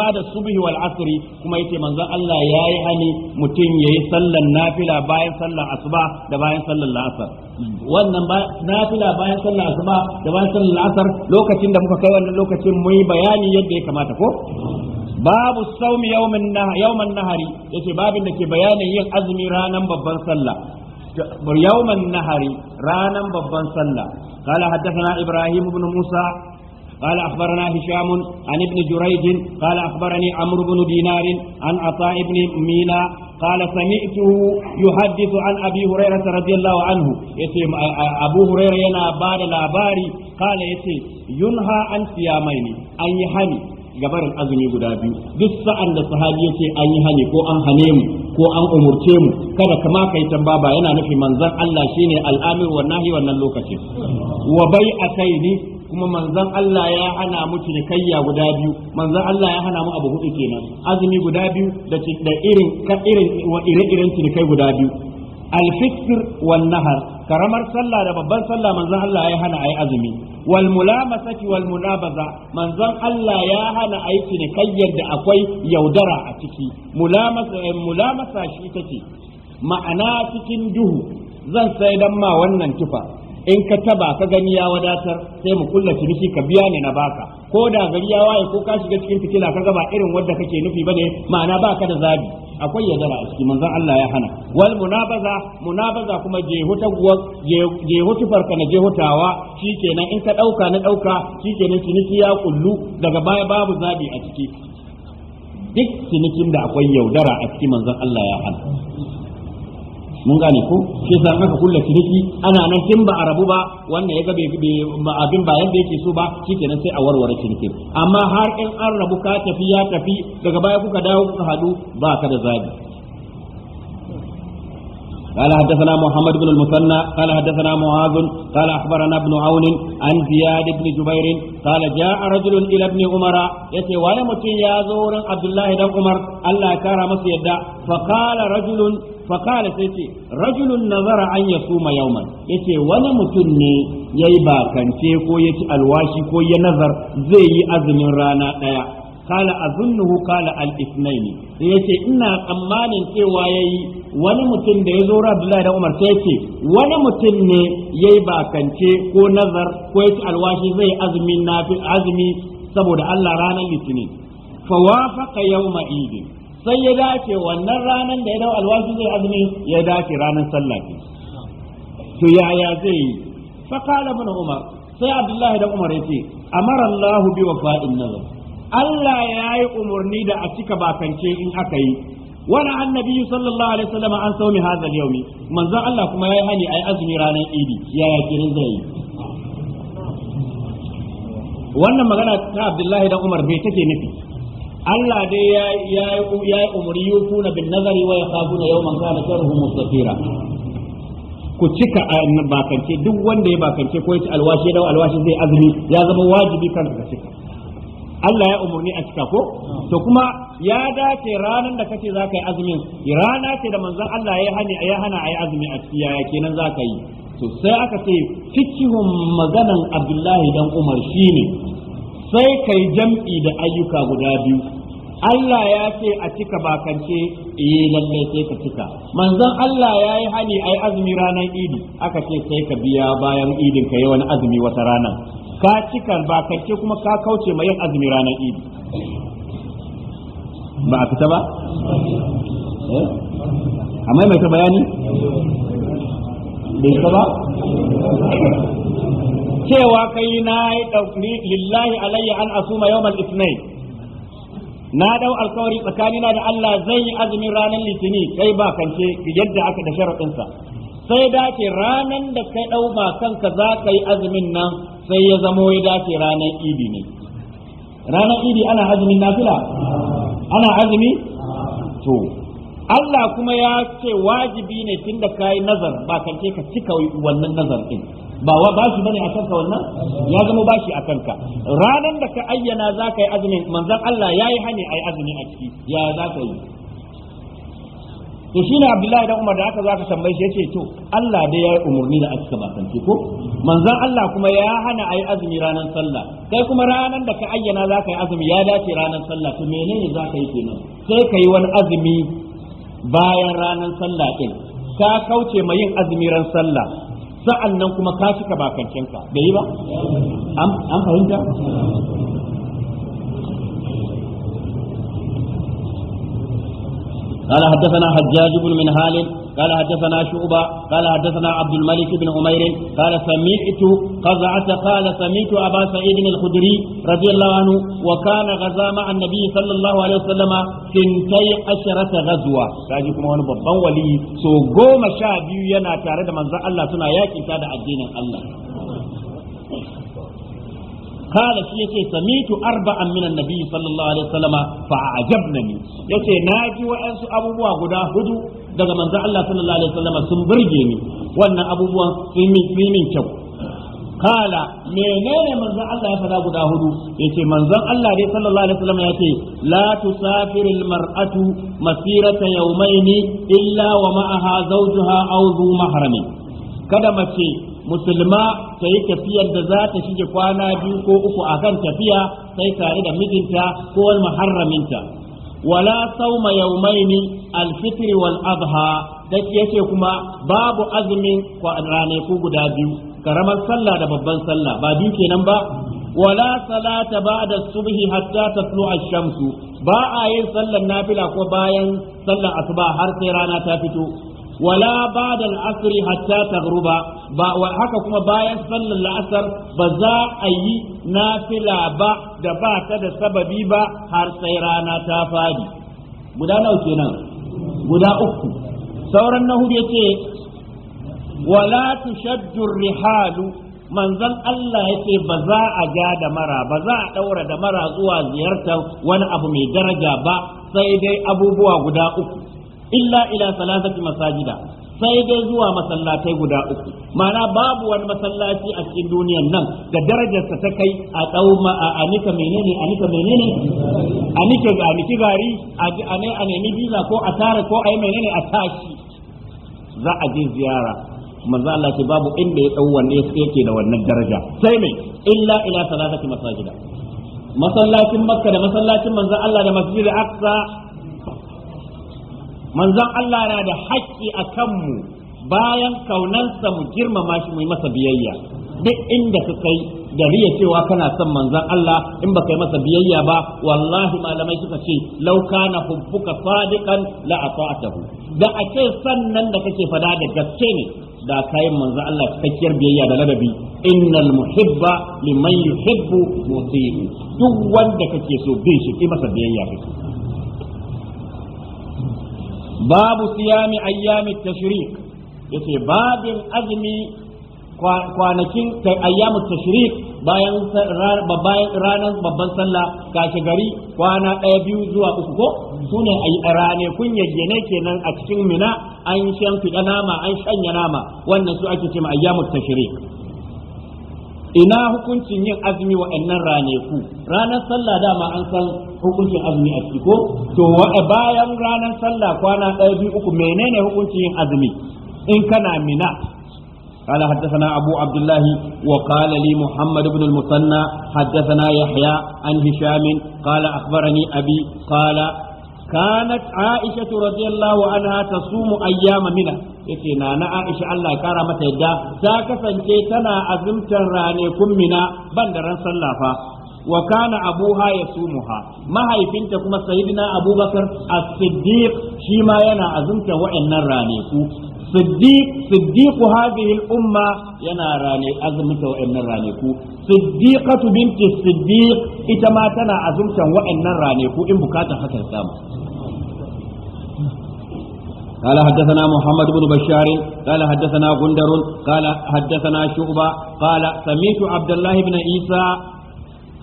بعد الصبح والعصر كما يتي منزل الله يا يعني متين يي النافلة باين صلى الصبح ده صلى العصر wannan nafila bayan sallar asuba da bayan sallar asar lokacin da muka kai wannan lokacin mu yi bayani yadda ya kamata ko babu saumi yawmin nahar nahari yace babin da ke bayanin yin azumi ranan babban sallah yawman nahari ranan babban sallah قال حدثنا إبراهيم بن موسى قال أخبرنا هشام عن ابن جريج قال أخبرني عمرو بن دينار عن عطاء بن مينا قال سمعته يحدث عن أبي هريرة رضي الله عنه يتي أبو هريرة ينا بعد لاباري قال يتي ينهى عن صيامين أن يحني azumi guda biyu duk sa'an da sahabi yace an yi hani ko an hane mu ko an umurce mu kada kama kai tambaba, yana nufi manzon Allah shine al'amir wa nahi wannan lokacin wa bai'ataini kuma manzon Allah ya hana mu cinikayya guda biyu manzan Allah ya hana mu abu hudu kenan azumi guda biyu da da irin ka irin wa ire iren cinikai guda biyu al-fitr wan nahar karamar sallah da babban sallah manzan Allah ya hana ayi azumi wal mulamasati wal munabaza manzon Allah ya hana ayi cinikayyar da akwai yaudara a ciki mulamasa eh, mulamasa shi take ma'ana cikin duhu zan sai dan ma wannan tufa in ka taba ka gani ya wadatar sai mu kulla ciniki ka biya ne na baka ko da gari ya waye ko ka shiga cikin fitila ka ga ba irin wanda kake nufi ba ne, ma'ana baka da zabi akwai ya zara a ciki manzon Allah ya hana wal munabaza munabaza kuma jehuta guwa jehuti farka na jehutawa shikenan in ka dauka na dauka shikenan ciniki ya kullu daga baya babu zabi a ciki duk cinikin da akwai yaudara a cikin manzon Allah ya hana mun gane ko shi yasa aka kulla ciniki ana nan tun ba a rabu ba wannan ya ga abin ba yadda yake so ba shikenan sai a warware ciniki amma har in an rabu ka tafi ya tafi daga baya kuka dawo kuka hadu ba ka da zabi قال حدثنا محمد بن المثنى قال حدثنا معاذ قال اخبرنا ابن عون عن زياد بن جبير قال جاء رجل الى ابن عمر يتي وانا يا زور عبد الله بن عمر الله كرم سيدا فقال رجل فقال سيتي رجل ya أن يصوم يوما يتي وانا متني يي bakance ko yaci alwashi ko ya nazar zai yi azumin rana ɗaya kala azunnuhu kala al-ithnaini ya yace ina tsammanin cewa yayi wani mutum da ya zo Abdullahi da Umar sai ce wani mutum ne yayi bakance ko nazar ko ci alwashi zai azumi nafi azumi saboda Allah ranar litinin fawafaka yauma idin sai ya dace wannan ranar da ya dau alwashi zai azumi ya dace ranar sallah ce to yaya zai yi fa qala ibn umar sai abdullahi da umar yace amara allah bi wafa'in nazar allah yayi umurni da a cika bakance in aka yi wani annabi sallallahu alaihi wasallam an saumi hadha al-yawmi manzo allah kuma yayi hani ayi azumi ranar idi yaya kirin zai yi wannan magana ta abdullahi da umar bai take nufi Allah dai ya ya ya yufu yufuna bin nazari wa yakhafuna yawman kana sharruhu mustafira ku cika bakance duk wanda ya bakance ko yace alwashi da alwashi zai azumi ya zama wajibi kan ka cika Allah ya umurni a cika ko to kuma ya dace ranar da kace za yi azumin rana ce da manzon Allah ya hana ya hana ayi azumi a cikiya ya kenan za yi to sai aka ce cikihum maganan Abdullahi dan Umar shine sai kai jam'i da ayyuka guda biyu Allah ya ce a cika bakance eh lalle sai ka cika manzon Allah ya yi hani ai azumi ranar idi aka ce sai ka biya bayan idin ka yi wani azumi wata rana ka cika bakance kuma ka kauce ma yin azumi ranar idi ba a fita ba amma eh? mai ta bayani bai ba cewa kai na yi ɗauki lillahi alayya an asuma yawmal isnai na dau alkawari tsakanina da Allah zai yi azumin ranar litini kai ba kance yadda aka da sharaɗinsa sai dace ranar da kai ɗau ba kanka za ka yi azumin nan sai ya zamo ya dace ranar idi ne ranar idi ana azumin nafila ana azumi to Allah kuma ya ce wajibi ne tunda kai nazar ba kance ka cika wannan nazar din ba wa bashi bane a kanka wannan ya zama bashi a kanka ranan da ka ayyana za ka yi azumin manzan Allah ya yi hani a yi azumi a ciki ya za ka yi to ne Abdullahi da Umar da aka za ka tambaye shi ya ce to Allah dai ya yi umarni da aka ba kanki ko manzan Allah kuma ya hana a yi azumi ranan sallah kai kuma ranan da ka ayyana za ka yi azumi ya dace ranan sallah to menene za ka yi kenan sai ka yi wani azumi bayan ranan sallah din ka kauce ma yin azumi ran sallah sa'an nan kuma ka cika bakancinka da yi ba an fahimta قال حدثنا حجاج بن من هالد قال حدثنا شعبة قال حدثنا عبد الملك بن عمير قال سمعت قزعة قال سمعت أبا سعيد الخدري رضي الله عنه وكان غزا مع النبي صلى الله عليه وسلم سنتي عشرة غزوة راجكم هون ببان ولي سو قوم شابي ينا تارد من الله سنا ياكي تاد الدين الله قال شيء يتي سميت أربعا من النبي صلى الله عليه وسلم فأعجبني يتي ناجي وأنس أبو بوا غدا هدو دغ من الله صلى الله عليه وسلم سنبرجيني وأن أبو بوا في من كو قال menene manzon Allah ya faɗa guda hudu yace manzon Allah dai sallallahu alaihi wasallam yace la tusafirul mar'atu masirata yawmaini illa wa ma'aha zawjuha ha dhu mahramin kada mace musulma ta yi tafiyar da za ta shige kwana biyu ko uku a kan tafiya sai tare da mijinta ko wani muharraminta wala sauma yaumaini alfitr wal adha dake yake kuma babu azumin ranaku guda biyu karamar sallah da babban sallah ba biyu kenan ba wala salata ba'da subhi hatta tatlu ash-shamsu ba a yin sallar nafila ko bayan sallar asuba har sai rana ta fito wala ba da asr hatta taghruba ba wa haka kuma bayan sallar la'asar ba za a yi nafila ba da bata da sababi ba har sai rana ta fadi guda nawa kenan guda uku sauran na hudu yace wala tushaddu rihalu manzon Allah ya ce ba za a ja da mara ba za a daura da mara zuwa ziyartar wani abu mai daraja ba sai dai abubuwa guda uku illa ila salasati masajida sai dai zuwa masallatai guda uku ma'ana babu wani masallaci a cikin duniyan nan da darajarsa ta kai a dauma a anika menene anika menene anika ga aniki gari a ne a nemi biza ko a tare ko a yi menene a tashi za a je ziyara manzo Allah ce babu inda ya dau wanne yake da wannan daraja sai mai illa ila salasati masajida masallacin makka da masallacin manzo Allah da masjidil aqsa manzon Allah na da haƙƙi a kanmu bayan kaunansa mu girmama shi mu masa biyayya duk inda ka kai da riya cewa kana son manzon Allah in ba kai masa biyayya ba wallahi malamai suka ce law kana hubbuka sadiqan la ata'tahu da ake sannan da kake fada da gaske ne da kayan manzon Allah cikakkiyar biyayya da ladabi innal muhibba liman yuhibbu muti'u duk wanda kake so bin shi masa biyayya kake babu siyami ayyamit tashrik yace babin azumi kwanakin ayyamut tashrik bayan bayan ranar babban sallah kashi gari kwana ɗaya biyu zuwa uku ko sune rane kun ne kenan a cikin mina an shan fiɗa nama an shanya nama wannan su ake cewa ayyamut tashrik ina hukuncin yin azumi wa'annan raneku ranar sallah dama an san hukuncin azumi a ciki ko to eh, bayan ranar sallah kwana ɗaya biyu uku menene hukuncin yin azumi in kana mina قال حدثنا أبو عبد الله وقال لي محمد بن المثنى حدثنا يحيى عن هشام قال أخبرني أبي قال kanat aisha radiyallahu anha tasumu ayyama mina yace na na aisha Allah ya kara mata yadda ta kasance tana azumtar rane kummina ban da ran sallah fa wa kana abuha yasumuha mahaifinta kuma sayyidina abubakar as-siddiq shi ma yana azumtar wa'annan rane ku صديق صديق هذه الأمة ينا راني أزمت وإن رانيكو صديقة بنت الصديق إتما تنا أزمت وإن رانيكو in بكاتا حتى samu. قال حدثنا محمد بن بشار قال حدثنا غندر قال حدثنا شعبة قال سمعت عبد الله بن عيسى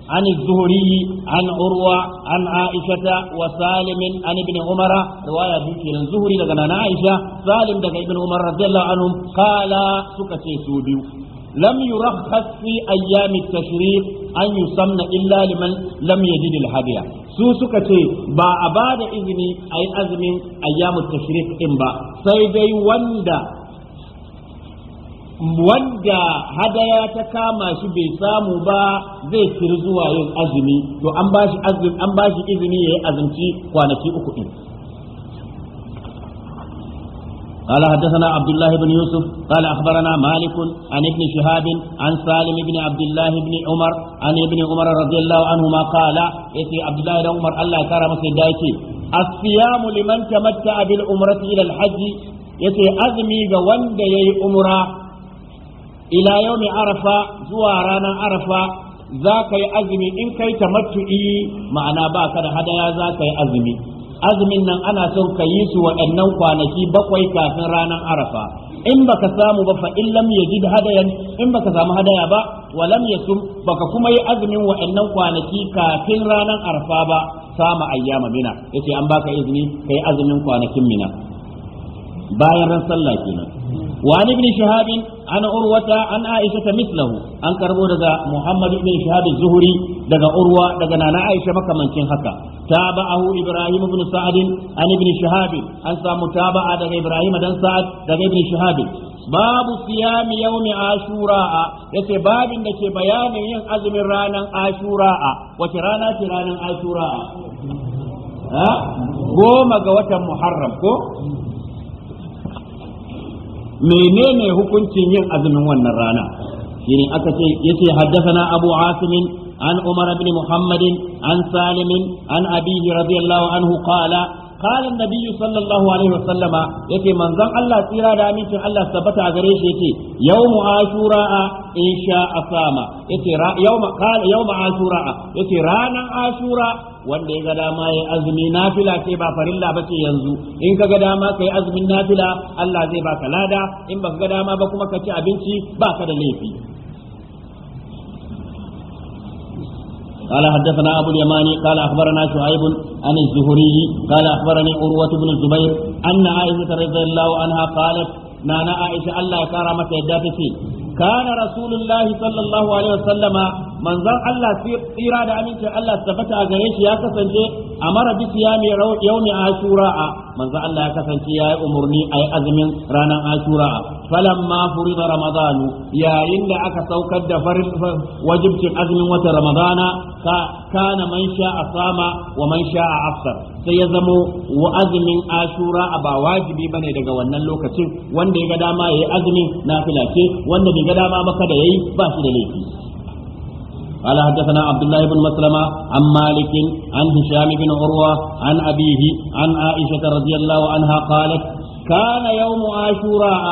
عن الزهري عن عروة عن عائشة وسالم عن ابن عمر رواية ذكر الزهري لغنا عائشة سالم لغنا ابن عمر رضي الله عنهم قال سكتي سوبيو lam yurahhas fi ayyamit tashriq an yusamna illa liman lam yajid al su suka ce ba a ba da izini ayi yi azumin ayyamut tashriq din ba sai dai wanda wanda hadaya ta kama shi bai samu ba zai kiri zuwa yin azumi to an bashi izini ya yi ba azumci kwanaki uku din قال حدثنا عبد الله بن يوسف قال أخبرنا مالك عن ابن شهاب عن سالم بن عبد الله بن عمر عن ابن عمر رضي الله عنهما قال إيه عبد الله بن عمر الله كرم سيدايتي الصيام لمن تمتع بالعمرة إلى الحج يتي أزمي وند يي عمرة إلى يوم عرفة زوارانا عرفة ذاك أزمي إن كي تمتعي معنا باك هدايا ذاك أزمي azumin nan ana son ka yi su waɗannan kwanaki bakwai kafin ranar arafa in baka samu ba fa in yajid hadayan in baka samu hadaya ba wa lam yasum baka kuma yi azumin waɗannan kwanaki kafin ranar arafa ba sama ayyama mina yace an baka izini kai azumin kwanakin mina bayan ran sallah kenan وعن ابن urwata an Aisha عن عائشة مثله أن كربو محمد بن شهاب الزهري daga urwa daga nana aisha makamancin haka tabahu ibrahim ibn sa'ad an ibn shahab an samu taba'a daga ibrahim dan sa'ad daga ibn shahab babu siyami yawm ashura yace babin da ke bayanin yin azumin ranar ashura'a wace rana ce ranar ashura'a goma ga watan muharram ko menene hukuncin yin azumin wannan rana shine aka ce yace haddathana abu asim عن عمر بن محمد عن سالم عن أبيه رضي الله عنه قال قال النبي صلى الله عليه وسلم يتي من زم الله سيرا دا من الله ثبت عزريش يتي يوم عاشوراء إن شاء صام يتي يوم قال يوم عاشوراء يتي رانا عاشوراء wanda ya ga dama ya azumi nafila ce ba farilla ba ce yanzu in ka ga dama ka yi azumin nafila Allah zai baka lada in baka ga dama ba kuma ka ci abinci ba ka da laifi قال حدثنا أبو اليماني قال أخبرنا شعيب عن الزهري قال أخبرني عروة بن الزبير أن عائشة رضي الله عنها قالت نانا عائشة الله كرمت يداتك كان رسول الله صلى الله عليه وسلم manzon Allah tsira da amincin Allah tabbata a gare shi ya kasance a mara bi siyami yawmi ashura manzon Allah ya kasance ya yi a yi azumin ranar ashura falamma furida ramadanu yayin da aka saukar da wajibcin azumin watan ramadana ka kana man a sama wa man a afsar sai ya zamo wa azumin ashura ba wajibi bane daga wannan lokacin wanda ya ga dama yayi azumin na filace, wanda bai ga dama ba kada yayi ba shi da laifi قال حدثنا عبد الله بن مسلمة عن مالك عن هشام بن عروة عن أبيه عن عائشة رضي الله عنها قالت كان يوم عاشوراء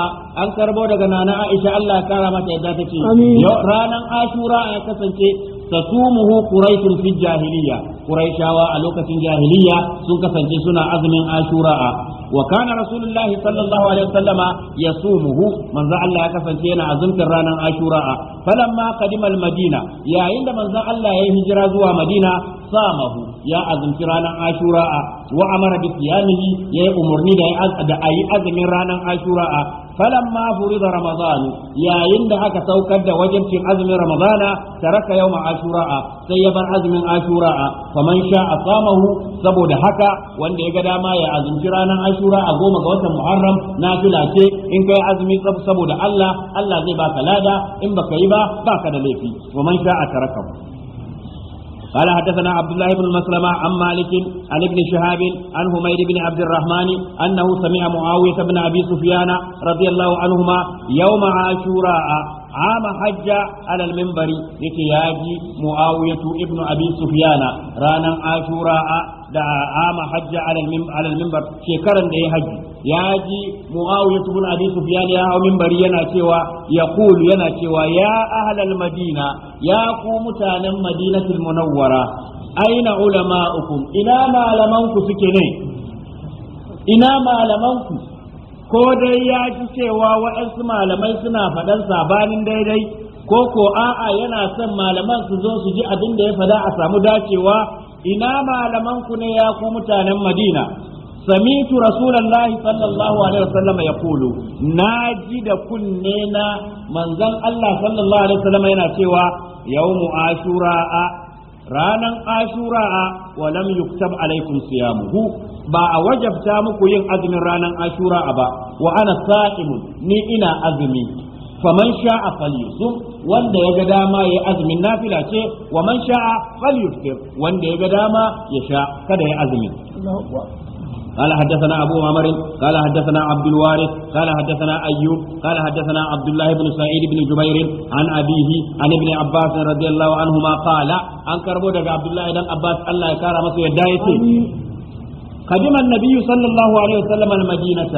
أن كربو دغنا عائشة الله كرمت يداتك يوم رانا عاشوراء كسنتي tatumuhu quraishun fi jahiliya quraishawa a lokacin jahiliya sun kasance suna azumin ashura'a wa kana rasulullahi sallallahu ya wasallama yasumuhu manzo Allah ya kasance yana azumtar ranar ashura'a falamma qadimal madina yayin da manzo Allah ya hijira zuwa madina mahu ya azumci ranar ashura'a wa amara bi ya yi umarni da yi azumin ranar ashura'a Falan falamma furida ramadan yayin da aka saukar da wajen cin azumin ramadana taraka yawma ashura'a sai ya bar azumin ashura'a sha a samahu saboda haka wanda ya ga dama ya azumci ranar ashura a goma ga watan muharram nafila ce in kai azumi saboda Allah Allah zai baka lada in baka yi ba baka da laifi faman sha'a tarakahu قال حدثنا عبد الله بن مسلمة عن مالك عن ابن شهاب عن حميد بن عبد الرحمن أنه سمع معاوية بن أبي سفيان رضي الله عنهما يوم عاشوراء ama hajja alal minbari yake yaji muawiyatu ibnu abi sufyana ranan ashura da ama hajja alal minbar shekaran da ya haji ya ji muawiya ibn abi sufyan ya hawo minbari yana cewa yaqulu yana cewa ya ahlal madina ya ko mutanen madinatul munawwara aina ulama'ukum ina malamanku suke ne malamanku ko dai ya ji cewa waɗansu malamai suna faɗan sabanin daidai ko ko a'a yana son malaman su zo su ji abin da ya faɗa a samu dacewa ina malaman ku ne ya ku mutanen madina samitu rasulullahi sallallahu alaihi wasallam ya kulu na ji da kunne na manzon Allah sallallahu alaihi wasallam yana cewa yawmu ashura ranan ashura wa lam yuktab alaikum siyamuhu ba a wajabta muku yin azumin ranan ashura ba wa ana sa'imun ni ina azumi faman sha'a falyusum wanda ya ga dama ya azumin nafila ce wa man sha'a falyusum wanda ya ga dama ya sha kada ya azumin قال حدثنا أبو عمر قال حدثنا عبد الوارث قال حدثنا أيوب قال حدثنا عبد الله بن سعيد بن جبير عن أبيه عن ابن عباس رضي الله عنهما قال أن كربو عبد الله بن عباس الله يكرم سيدايته قدم النبي صلى الله عليه وسلم المدينة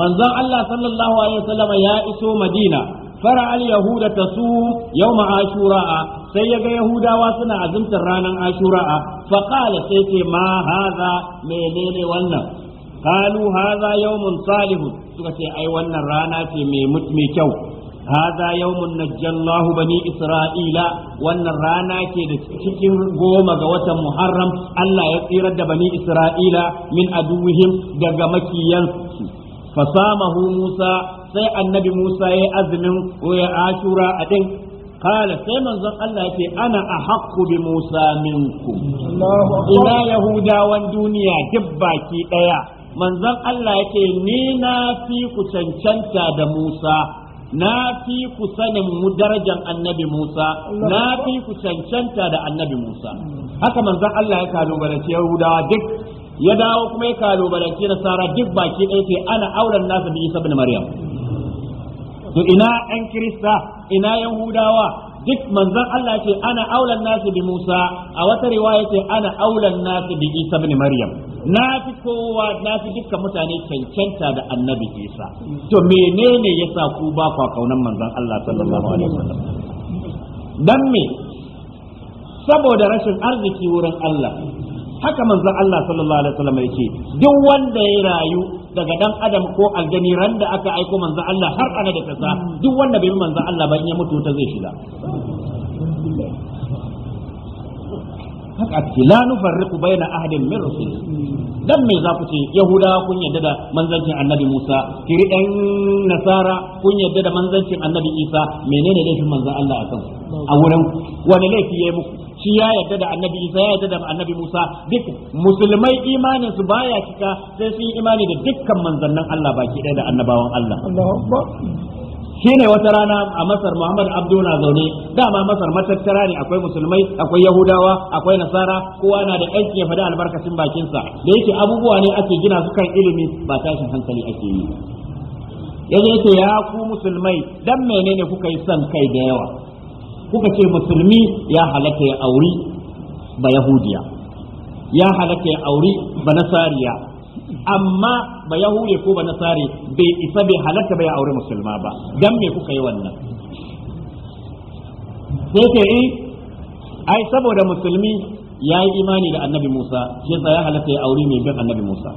من ذا الله صلى الله عليه وسلم يا إسو مدينة fara al yahuda tasum yawma ashura'a sai yaga yahudawa suna azumtar ranar ashura'a fa qala sai ce ma hadha menene wannan qalu hadha yawmun salih suka ce ai wannan rana ce mai kyau هذا يوم نجى الله بني إسرائيل وأن رانا كده cikin goma ga watan Muharram Allah ya tsirar da bani Isra'ila min aduwihim daga makiyansu fasamahu Musa sai annabi Musa ya azumin ya ashura a din قال سيما الله يتي أنا Musa minku. Ina Yahudawan duniya duk baki ɗaya. manzon Allah yake ni na fi ku cancanta da Musa na fi ku sanin mu darajar annabi Musa na fi ku cancanta da annabi Musa haka manzon Allah ya kalubalance Yahudawa duk ya dawo kuma ya kalubalance da sara duk baki ɗaya ce ana auren nasa bi isa bin maryam to ina ɗan kirista ina yahudawa duk manzon Allah ce ana aulan nasu bi Musa a wata riwaya ce ana aulan nasu bi Isa bin Maryam na fi kowa na fi duka mutane cancanta da annabi Isa to menene ya sa ku ba kwa kaunan manzon Allah sallallahu alaihi wasallam dan me saboda rashin arziki wurin Allah haka manzon Allah sallallahu alaihi wasallam yake duk wanda ya rayu daga dan adam ko aljani ran da aka aiko manzon Allah har ana da kasa duk wanda bai bi manzon Allah ba in ya mutu ta zai shiga haka ake la nufarriqu baina ahadin min rusul dan me za ku ce Yahuda kun yadda da manzancin annabi Musa kiri dan nasara kun yadda da manzancin annabi Isa menene laifin manzon Allah akan a wurin wani laifi yayi muku shi ya yarda da annabi Isa ya yarda da annabi Musa duk musulmai imanin su baya cika sai sun yi imani da dukkan manzannin Allah baki ɗaya da annabawan Allah Shi ne wata rana a Masar Muhammad Abdu na zaune dama Masar matattara ne akwai musulmai akwai Yahudawa akwai Nasara kowa na da aiki ya faɗi albarkacin bakinsa da yake abubuwa ne ake gina su kan ilimi ba tashin hankali ake yi yanzu yake ya ku musulmai dan menene kuka yi son kai da yawa kuka ce musulmi ya halatta ya auri ba yahudiya ya halatta ya auri ba nasariya amma ba Yahudiya ko ba nasari bai isa bai halatta ba ya auri musulma ba dan me kuka yi wannan sai ce eh, ai saboda musulmi ya yi imani da annabi Musa shi yasa ya halatta ya aure mai bin annabi Musa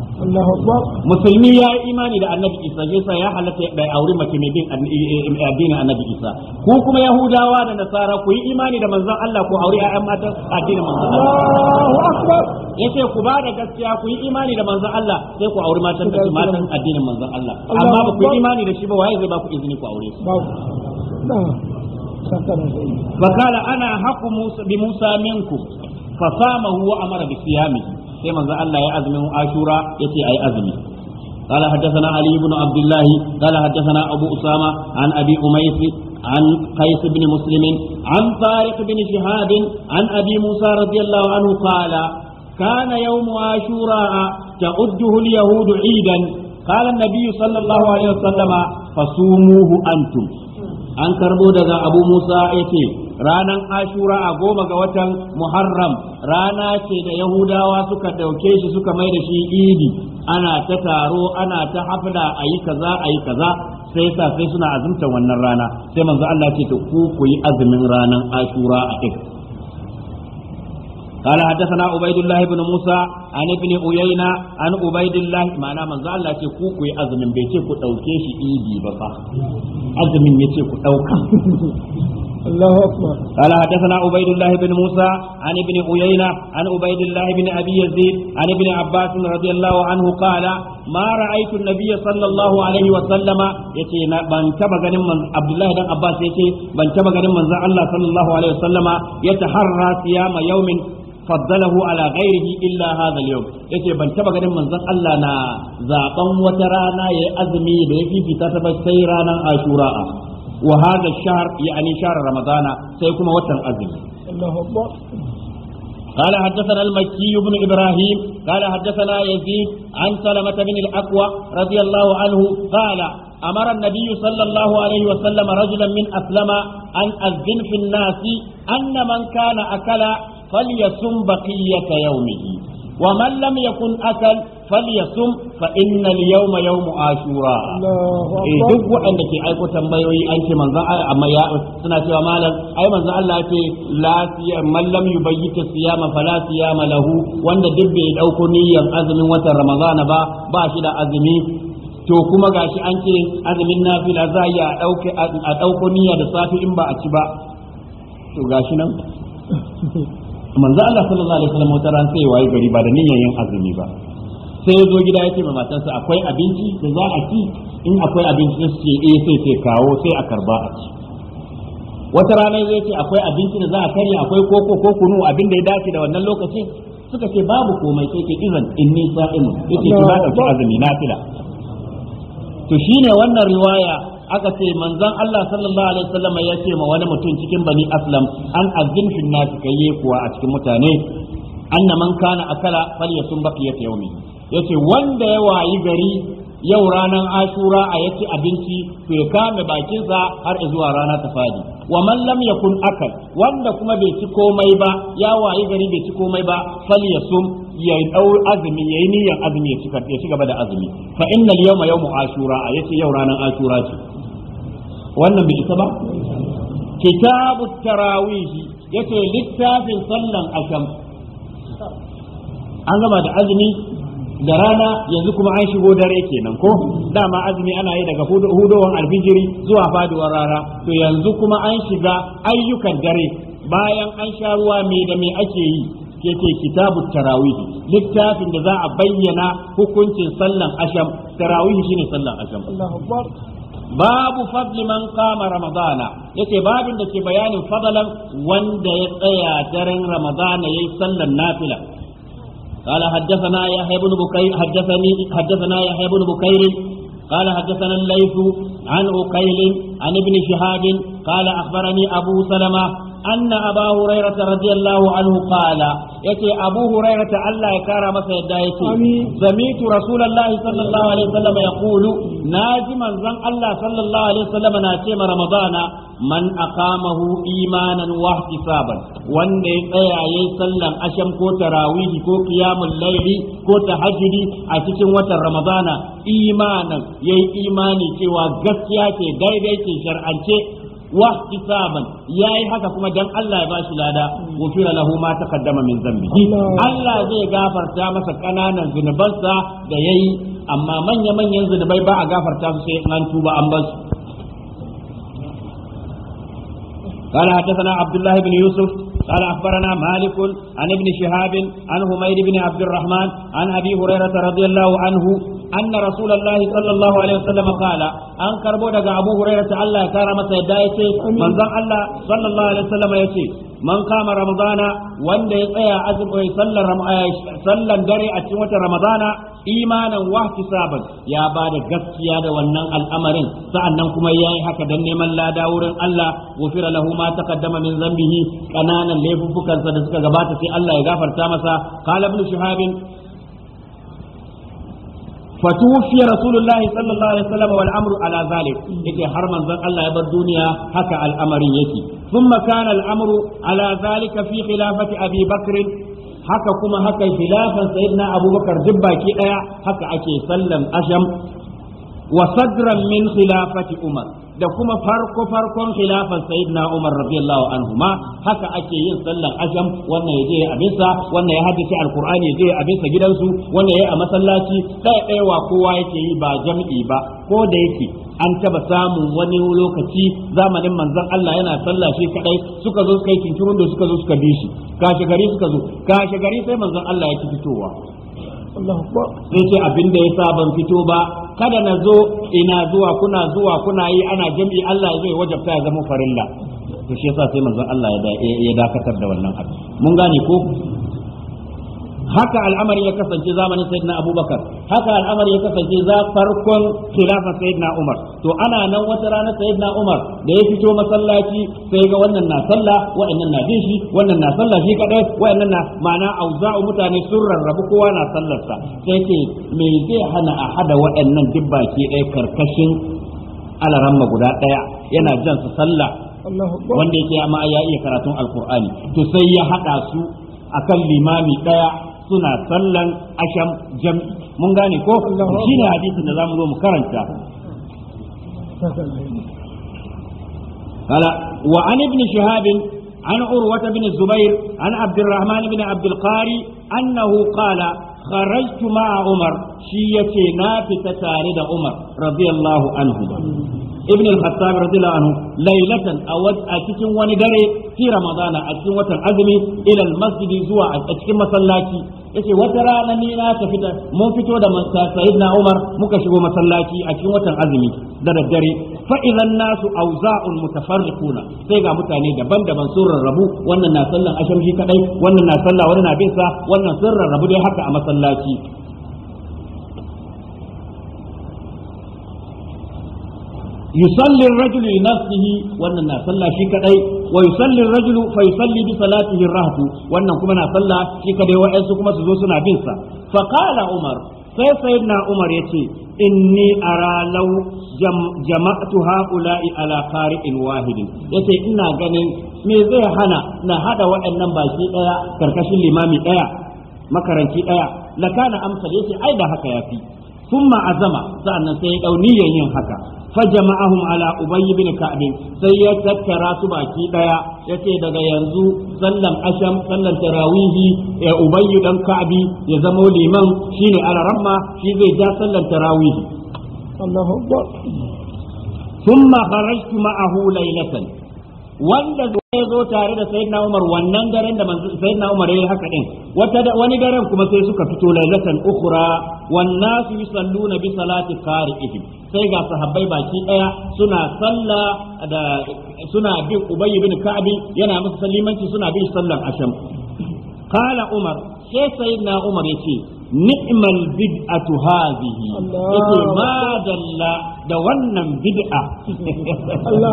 musulmi ya yi imani da annabi Isa shi yasa ya halatta ya aure mace mai bin eh, eh, addinin annabi Isa ko kuma Yahudawa da Nasara ku yi imani da manzon Allah ku aure ayyan mata addinin manzon Allah yace ku ba da gaskiya ku yi imani da manzon Allah sai ku aure matan da matan addinin manzon Allah amma ba ku yi imani da shi ba waye zai ba ku izini ku aure su فقال أنا حق موسى بموسى منكم fa samahu wa amara bi siyamihi sai manzo Allah ya azumin Ashura yace ayi azumi قال حدثنا علي بن عبد الله قال حدثنا أبو أسامة عن أبي أميس عن قيس بن مسلم عن طارق بن شهاب عن أبي موسى رضي الله عنه قال كان يوم عاشوراء تعده اليهود عيدا قال النبي صلى الله عليه وسلم فصوموه أنتم an karbo daga abu musa ya ce ranan ashura a goma ga watan muharram rana ce da yahudawa suka dauke shi suka mai da shi idi ana ta taro ana ta hafla a yi kaza a yi kaza sai sa sai suna azumta wannan rana sai manzo Allah ce to ku ku yi azumin ranan ashura a kai قال حدثنا عبيد الله بن an ibn uyayna an ubaidillah ma'ana manzo Allah ce ku ku yi azumin bai ce ku dauke shi idi ba fa azumin yace ku dauka الله أكبر قال حدثنا عبيد الله بن موسى عن ابن عيينة عن عبيد الله بن أبي يزيد عن ابن عباس رضي الله عنه قال ما رأيت النبي صلى الله عليه وسلم يتي بان تبغن من عبد الله بن عباس يتي بان تبغن من الله صلى الله عليه وسلم يتحرى صيام يوم faddalahu ala ghairihi illa hadha al-yawm yace ban taba ganin manzon Allah na zaban wata rana yayi azumi da yake fifita ta sai ranar Ashura wa hadha ash-shahr yani shahr ramadana sai kuma watan azumi Allahu akbar قال حدثنا المكي بن ابراهيم قال حدثنا يزيد عن سلمة بن الاقوى رضي الله عنه قال أمر النبي صلى الله عليه وسلم رجلا من في الناس من كان فليصم بقية يومه ومن لم يكن أكل فليصم فإن اليوم يوم عاشوراء eh duk waɗanda ke aiko tambayoyi an ce amma suna cewa malam ai manzon Allah ya ce ta siya ma lam yubayyita siyama fala lahu wanda duk bai dauko niyyar azumin watan ramadana ba ba shi da azumi to kuma gashi an ce azumin nafila za a dauko niyya da safi in ba a ci ba to gashi nan manzo Allah sallallahu alaihi wasallam wata ran sai waye gari ba da niyyar yin azumi ba sai ya gida ya ce ma matarsa akwai abinci da za a ci in akwai abinci sai suke eh sai sai kawo sai a karba a ci wata rana zai ce akwai abinci da za a karya akwai koko ko kunu abin da ya dace da wannan lokacin suka ce babu komai sai ke izan inni sa'imun yake ki ba da azumi na fila to shine wannan riwaya aka ce manzon Allah sallallahu alaihi wasallam ya ce ma wani mutum cikin bani aslam an azim fi nasi yi kuwa a cikin mutane anna man kana akala falyasum baqiyat Ya yace wanda ya wayi gari yau ranar ashura a yaci abinci to ya kame bakinsa har zuwa rana ta fadi wa man lam yakun akal wanda kuma bai ci komai ba ya wayi gari bai ci komai ba sun, ya dau azumi yayi niyyar azumi ya ci gaba da azumi fa innal yawma yawmu ashura a yace yau ranar ashura ce wannan bai isa ba kitabu tarawih yace littafin sallan asham an gama da azumi da rana yanzu kuma an shigo dare kenan ko dama azumi ana yi daga hudowar alfijiri zuwa faduwar rana to yanzu kuma an shiga ayyukan dare bayan an sha ruwa me da me ake yi ce kitabu tarawih littafin da za a bayyana hukuncin sallan asham tarawih shine sallan asham babu fadli man kama ramadana yace babin da ke bayanin fadalan wanda ya tsaya daren ramadana yayi sallan nafila قال حدثنا يحيى بن بكير حدثني حدثنا يحيى بن بكير قال حدثنا الليث عن عقيل عن ابن شهاب قال اخبرني ابو سلمه anna aba hurairah radiyallahu anhu qala yace abu hurairah Allah ya kara masa yadda ya ce. zamitu rasulullahi sallallahu alaihi wasallam yaqulu naji manzon Allah sallallahu na ce ma ramadana man aqamahu imanan wa ihtisaban wanda ya tsaya yayin sallan asham ko tarawih ko kiyamun layli ko tahajjudi a cikin watan ramadana imanan yayi imani cewa gaskiya ke daidai ce shar'ance واحتسابا yayi haka kuma dan Allah ya bashi lada gofira lahu ma taqaddama min dhanbihi Allah zai gafarta masa kananan zunubansa da yayi amma manya manyan zunubai ba a gafarta su sai an tuba an bar su قال حدثنا عبد الله بن قال أخبرنا مالك عن ابن شهاب عن حميد بن عبد الرحمن عن أبي هريرة رضي الله عنه أن رسول الله صلى الله عليه وسلم قال أن كربو دقى أبو هريرة الله كرم سيدايتي من ذا الله صلى الله عليه وسلم يتي من قام رمضان وان يقيا عزم صلى رم... صلى دري أتموت رمضان imanan wa ya ba da gaskiya da wannan al'amarin sa'annan kuma yayi haka dan neman lada wurin Allah gufira lahu ma taqaddama min zambihi kananan laifuffukansa da suka gabata sai Allah ya gafarta masa qala ibn shihab فتوفي رسول الله صلى الله عليه وسلم والامر على ذلك يجي har manzon Allah ya bar duniya haka al'amarin yake ثم كان الامر على ذلك في خلافه ابي بكر haka kuma haka khilafan sayyidina abubakar duk baki daya haka ake sallan asham wa sadran min khilafati umar da kuma farko farkon khilafan sayyidina Umar radiyallahu anhu ma haka ake yin sallar asham wannan ya je a bisa wannan ya haddace alqur'ani ya je a bisa gidansu wannan ya a masallaci Daya ɗaya wa kowa yake yi ba jam'i ba ko da yake an taba samun wani lokaci zamanin manzon Allah yana sallah shi kadai suka zo suka yi da suka zo suka bi shi kashe gari suka zo kashe gari sai manzon Allah ya ci fitowa zai ce abin da ya sa ban fito ba kada na zo ina zuwa kuna zuwa kuna yi ana jam'i Allah zai wajabta ya zama farilla to shi yasa sai manzon Allah ya dakatar da wannan abu mun gane ko haka al'amari ya kasance zamanin na abubakar haka al'amari ya kasance za farkon khilafa na umar to ana nan wata rana na umar da ya fito masallaci sai ga wannan na sallah wa'annan na bin shi wannan na sallah shi kadai wa'annan na ma'ana auza'u mutane sun rarrabu kowa na sallarsa sai ce me zai hana a hada wa'annan duk baki ɗaya karkashin alaramma guda ɗaya yana jan su sallah wanda yake amma ya iya karatun alkur'ani to sai ya haɗa su akan limami ɗaya suna sallan asham jam'i mun gane ko shine hadisin da zamu zo mu karanta قال وعن ابن شهاب عن عروة بن الزبير عن عبد الرحمن بن عبد القاري أنه قال خرجت مع عمر شية نافة تارد عمر رضي الله عنه ابن الخطاب رضي الله عنه ليلة أود أتكن وندري في رمضان أتكن وتن أزمي إلى المسجد زوا أتكن مسلاكي yace wata rana ni na tafi da mun fito da sayyidina Umar muka shigo masallaci a cikin watan azumi da daddare fa idan nasu auza'un mutafarriquna sai ga mutane daban-daban sun rarrabu wannan na sallan ashamshi kadai wannan na sallah wani na bin sa wannan sun rarrabu dai haka a masallaci yusalli ar-rajulu li nafsihi wannan na sallah shi kadai wa yusalli ar-rajulu fa yusalli bi salatihi rahtu wannan kuma na sallah shi kadai wa'ansu kuma su zo suna bin sa fa qala umar sai sayyidina umar yace inni ara law jama'tu ha'ula'i ala qari'in wahidin yace ina ganin me zai hana na hada waɗannan baki daya karkashin limami daya makaranci daya lakana amsal yace ai da haka yafi ثم عزم سأنا سيدوني yin haka. fajama'ahum ala ubay ibn ka'b sai ya tattara su baki ɗaya, ya ce daga yanzu sallan asham sallan tarawihi ya ubay dan ka'bi ya zamo liman shine alaramma shi zai ja sallan tarawihi Allahu akbar thumma kharajtu ma'ahu laylatan wanda zai zo tare da sayyidina Umar wannan daren da sayyidina Umar yayi haka din wata wani daren kuma sai suka fito lailatan ukhra wan nas yusalluna bi salati qari'ihim sai ga sahabbai baki daya suna sallah da suna bin Ubay bin Ka'ab yana musu sallimanci suna bin sallar asham qala Umar sai sayyidina Umar yace نعم البدعة هذه يقول ma دل da wannan bid'a أكبر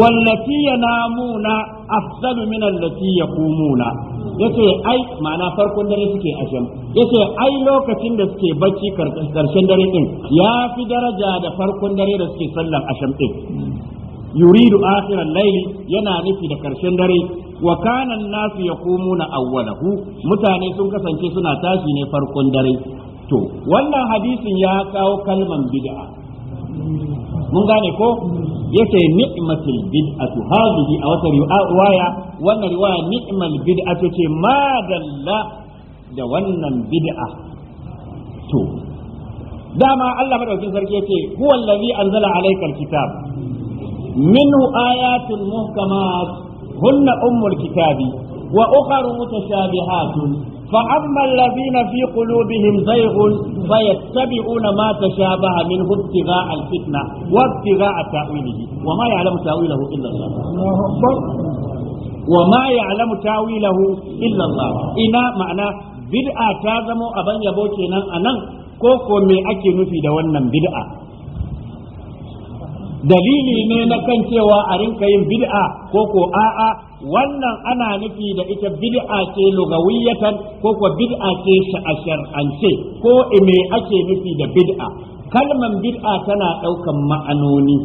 والتي ينامون أفضل من التي يقومون yace ai ma'ana farkon dare suke asham yace ai lokacin da suke bacci karshen dare din ya fi daraja da farkon dare da suke sallan asham din yuridu akhir al yana nufi da karshen dare wa kana an-nasu yaqumuna awwalahu mutane sun kasance suna tashi ne farkon dare to wannan hadisin ya kawo kalman bid'a mun gane ko yace ni'matul bid'atu hadhihi a wata riwaya wannan riwaya ni'mal bid'atu ce madalla da wannan bid'a to dama Allah madaukakin sarki yace huwallazi anzala alaykal kitab منه آيات محكمات هن أم الكتاب وأخر متشابهات فأما الذين في قلوبهم زيغ فيتبعون ما تشابه منه ابتغاء الفتنة وابتغاء تأويله وما يعلم تأويله إلا الله وما يعلم تأويله إلا الله إنا معنى بدأ تازم أبن يبوكي أنا كوكو من أكي نفيد ونن بدأ dalili ne na kan cewa a rinka yin bid'a ko ko a'a wannan ana nufi da ita bid'a ce lugawiyatan ko ko bid'a ce shar'ance ko me ake nufi da bid'a kalman bid'a tana ɗaukan ma'anoni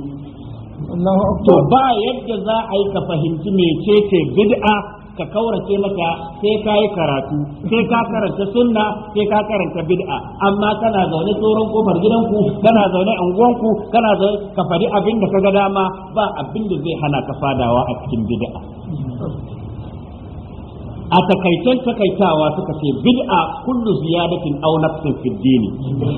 to ba yadda za a yi ka fahimci mecece bid'a ka kaurace maka sai ka yi karatu sai ka karanta sunna sai ka karanta bid'a amma kana zaune tsoron kofar gidanku kana zaune unguwanku kana zaune ka faɗi abin da ka ga dama ba abin da zai hana ka fadawa a cikin bid'a a takaitan takaitawa suka ce bid'a kullu ziyadatin aw nafsin fi dini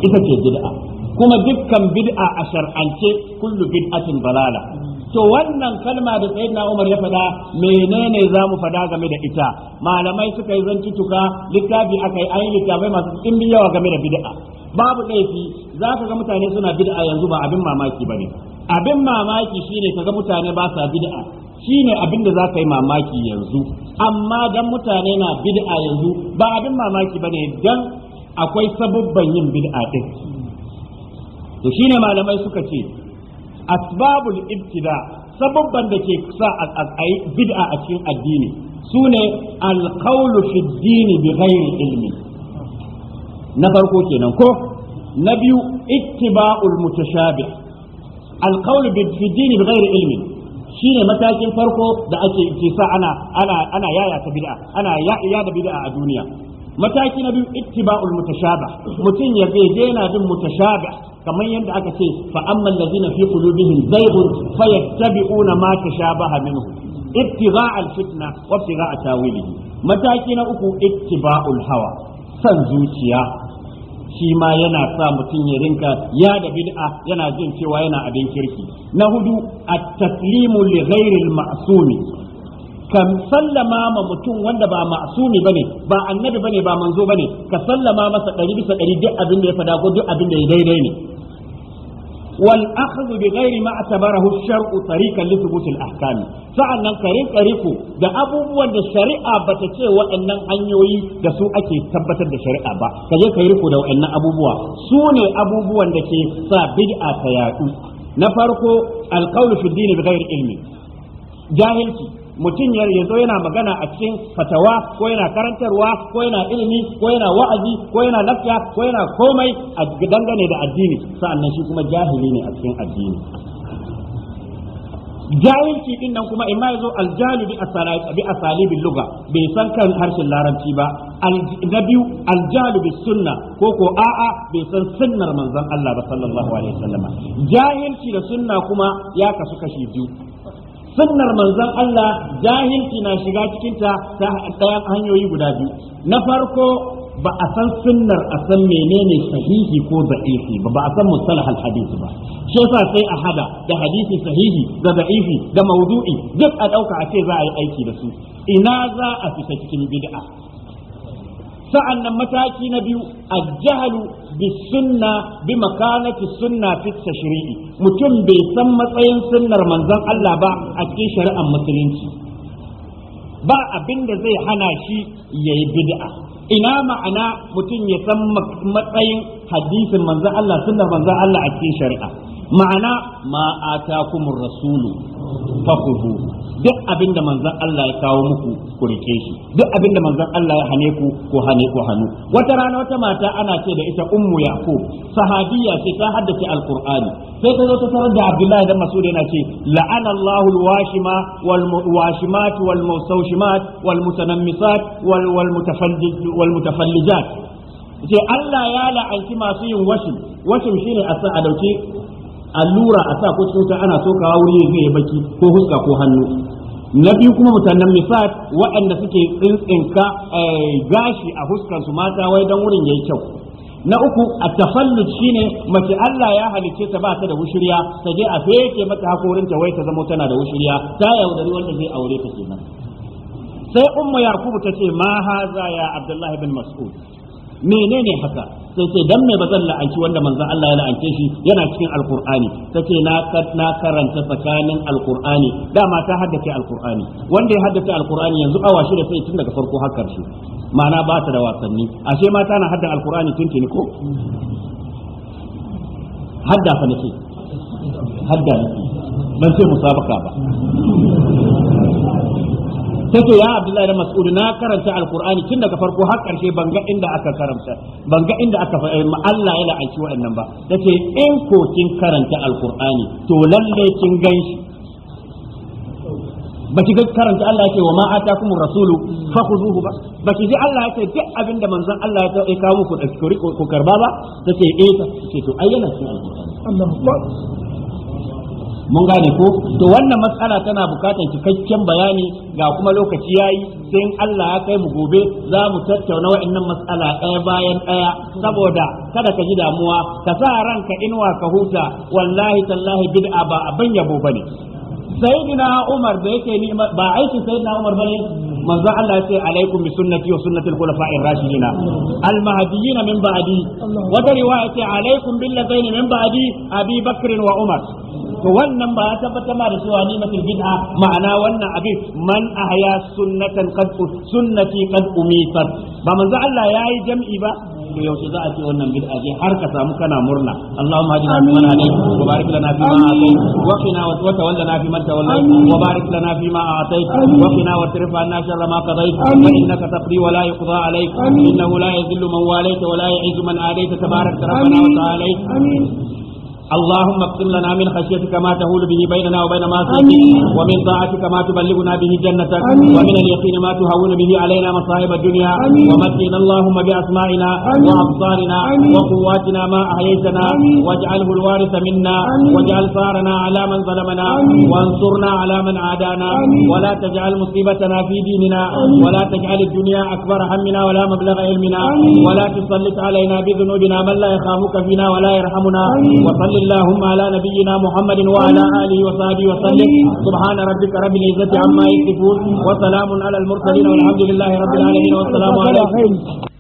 ita ce bid'a kuma dukkan bid'a a shar'ance kullu bid'atin balala to wannan kalma da sayyidina Umar ya faɗa menene za mu faɗa game da ita malamai suka yi tuka littafi aka yi ayi littafai masu ɗimbin yawa game da bid'a babu laifi za ka ga mutane suna bid'a yanzu ba abin mamaki bane abin mamaki shine kaga mutane ba sa bid'a shine abin da za ka yi mamaki yanzu amma dan mutane na bid'a yanzu ba abin mamaki bane dan akwai sabubban yin bid'a din to shine malamai suka ce asbabul ibtida sababban da ke kusa a bid'a a cikin addini sune alqawlu fi dini bi ghairi ilmi na farko kenan ko na biyu ittiba'ul mutashabih alqawlu fi dini bi ghairi ilmi shine matakin farko da ake ce, sa ana ana ana yaya ta bid'a ana yaya da bid'a a duniya mataki na biyu ittiba'ul mutashabih mutum ya je yana bin mutashabih kamar yadda aka ce fa amman ladina fi qulubihim zayghun fayattabi'una ma tashabaha minhu ittiba'a al-fitna wa ittiba'a tawilihi mataki na uku ittiba'ul hawa san zuciya shi ma yana sa mutum ya rinka ya da bid'a yana jin cewa yana abin kirki na hudu at-taslimu li ghairi masumi kan sallama ma mutum wanda ba ma'sumi bane ba annabi bane ba manzo bane ka sallama masa ɗari bisa ɗari duk abin da ya fada ko duk abin da ya daidai ne wal akhdhu bi ghairi ma atabarahu shar'u tariqan li thubut al ahkam sa'annan karin kariku da abubuwan da shari'a bata ce waɗannan hanyoyi da su ake tabbatar da shari'a ba kaje kai riko da waɗannan abubuwa su ne abubuwan da ke sa bid'a ta yaɗu na farko alqawlu fi din bi ghairi ilmi jahilci mutum ya zo yana magana a cikin fatawa ko yana karantarwa ko yana ilimi ko yana wa'azi ko yana lafiya ko yana komai a dangane da addini sa'annan shi kuma jahili ne a cikin addini jahilci din nan kuma imma yazo aljalu bi asalibi asalibi lugha bai san kan harshen larabci ba na biyu aljalu bi sunna ko ko a'a bai san sunnar manzon Allah ba sallallahu alaihi wasallam jahilci da sunna kuma ya kasu kashi biyu sunnar manzon Allah jahilci na shiga cikin ta ta hanyoyi guda biyu na farko ba a san sunnar a san menene sahihi ko da'ifi ba ba a san mustalah al ba shi yasa sai a hada da hadisi sahihi da da'ifi da mawdu'i duk a dauka a ce za a yi aiki da su ina za a fita cikin bid'a sa'annan mataki na biyu a ajjahalu bi sunna bi makanati sunna fi tashri'i mutum bai san matsayin sunnar manzon Allah ba a cikin shari'ar musulunci ba abin da zai hana shi ya yayi bid'a ina ma'ana mutum ya san matsayin hadisin manzon Allah sunnar manzon Allah a cikin shari'a ma'ana ma atakumur rasulu fakhudhu duk abinda manzan Allah ya kawo muku ku rike shi duk abinda manzan Allah ya hane ku ko hane ku hanu wata rana wata mata ana ce da ita ummu yaqub sahabiya ce ta haddace alqur'ani sai ta zo ta tarar da abdullahi da masud yana ce la'ana Allahu alwashima wal washimat wal mawsawshimat wal mutanammisat wal wal mutafallijat ce Allah ya la'anci masu yin washim washim shine a sa a dauke. allura a sa ko cikin ana sokawa wuri ya zai baki ko huska ko hannu na biyu kuma mutanen misal waɗanda suke tsintsinka eh, gashi a huskan su mata wai don wurin yayi kyau na uku a shi shine mace Allah ya halicce ta ba ta da wushirya ta je a feke mata hakorin ta wai ta zama tana da wushirya ta yaudari wanda zai aure ta kenan sai umma yakubu ta ce ma haza ya abdullahi bin mas'ud menene haka sai ce dan me bazan la'anci wanda manzon Allah ya la'ance shi yana cikin alqur'ani tace na na karanta tsakanin alqur'ani dama ta haddace alqur'ani wanda ya haddace alqur'ani yanzu awa shi da sai tun daga farko har karshe ma'ana ba ta da wasanni ashe mata na haddan alqur'ani tun ni ko hadda fa hadda ban musabaka ba sai ya abdullahi da Mas'udu na karanta alqur'ani tun daga farko har karshe ban ga inda aka karanta ban ga inda aka eh, Allah ya la'anci waɗannan ba tace in ko kin karanta alqur'ani to lalle kin ganshi baki ga karanta Allah yake wa ma atakumur rasulu fakhuzuhu ba baki ji Allah yake duk abinda da manzon Allah ya ya kawo muku da ku karba ba tace eh tace to ayyana cikin alqur'ani
Allahu mun gane ko
to wannan matsala tana bukatar cikakken bayani ga kuma lokaci yayi sai Allah ya kai mu gobe za mu tattauna wa'annan matsala ɗaya bayan ɗaya saboda kada ka ji damuwa ka sa ranka inuwa ka huta wallahi tallahi bid'a ba abin yabo bane Saidina Umar da yake ni ba aikin sayyidina Umar bane manzo Allah ya ce alaikum bi sunnati wa sunnati al-khulafa'ir rashidin al-mahdiyyin min ba'di wata riwaya ce alaikum billatayn min ba'di Abi Bakr wa Umar to wannan ba ya tabbatar ma da cewa ni matul gida, ma'ana wannan abin man ahya sunnatan qad sunnati qad umitat ba manzo Allah yayi jam'i ba to yaushe za a ce wannan bid'a ce har ka samu kana murna Allahumma ajina fi man hadayt wa barik lana fi ma wa qina wa fi man wa barik lana fi ma wa qina wa tirfa anna sharra ma fa innaka taqdi wa la yuqda innahu la yadhillu man walayta wa la yu'izzu man adayta tabarakta rabbana wa amin اللهم اقسم لنا من خشيتك ما تهول به بيننا وبين معصيتك ومن طاعتك ما تبلغنا به جنتك ومن اليقين ما تهون به علينا مصائب الدنيا ومتنا اللهم باسمائنا وابصارنا وقواتنا ما احييتنا واجعله الوارث منا واجعل ثارنا على من ظلمنا وانصرنا على من عادانا ولا تجعل مصيبتنا في ديننا ولا تجعل الدنيا اكبر همنا ولا مبلغ علمنا ولا تسلط علينا بذنوبنا من لا يخافك فينا ولا يرحمنا وصل وصل اللهم على نبينا محمد وعلى آله وصحبه وسلم سبحان ربك رب العزة عما يصفون وسلام على المرسلين والحمد لله رب العالمين والسلام
عليكم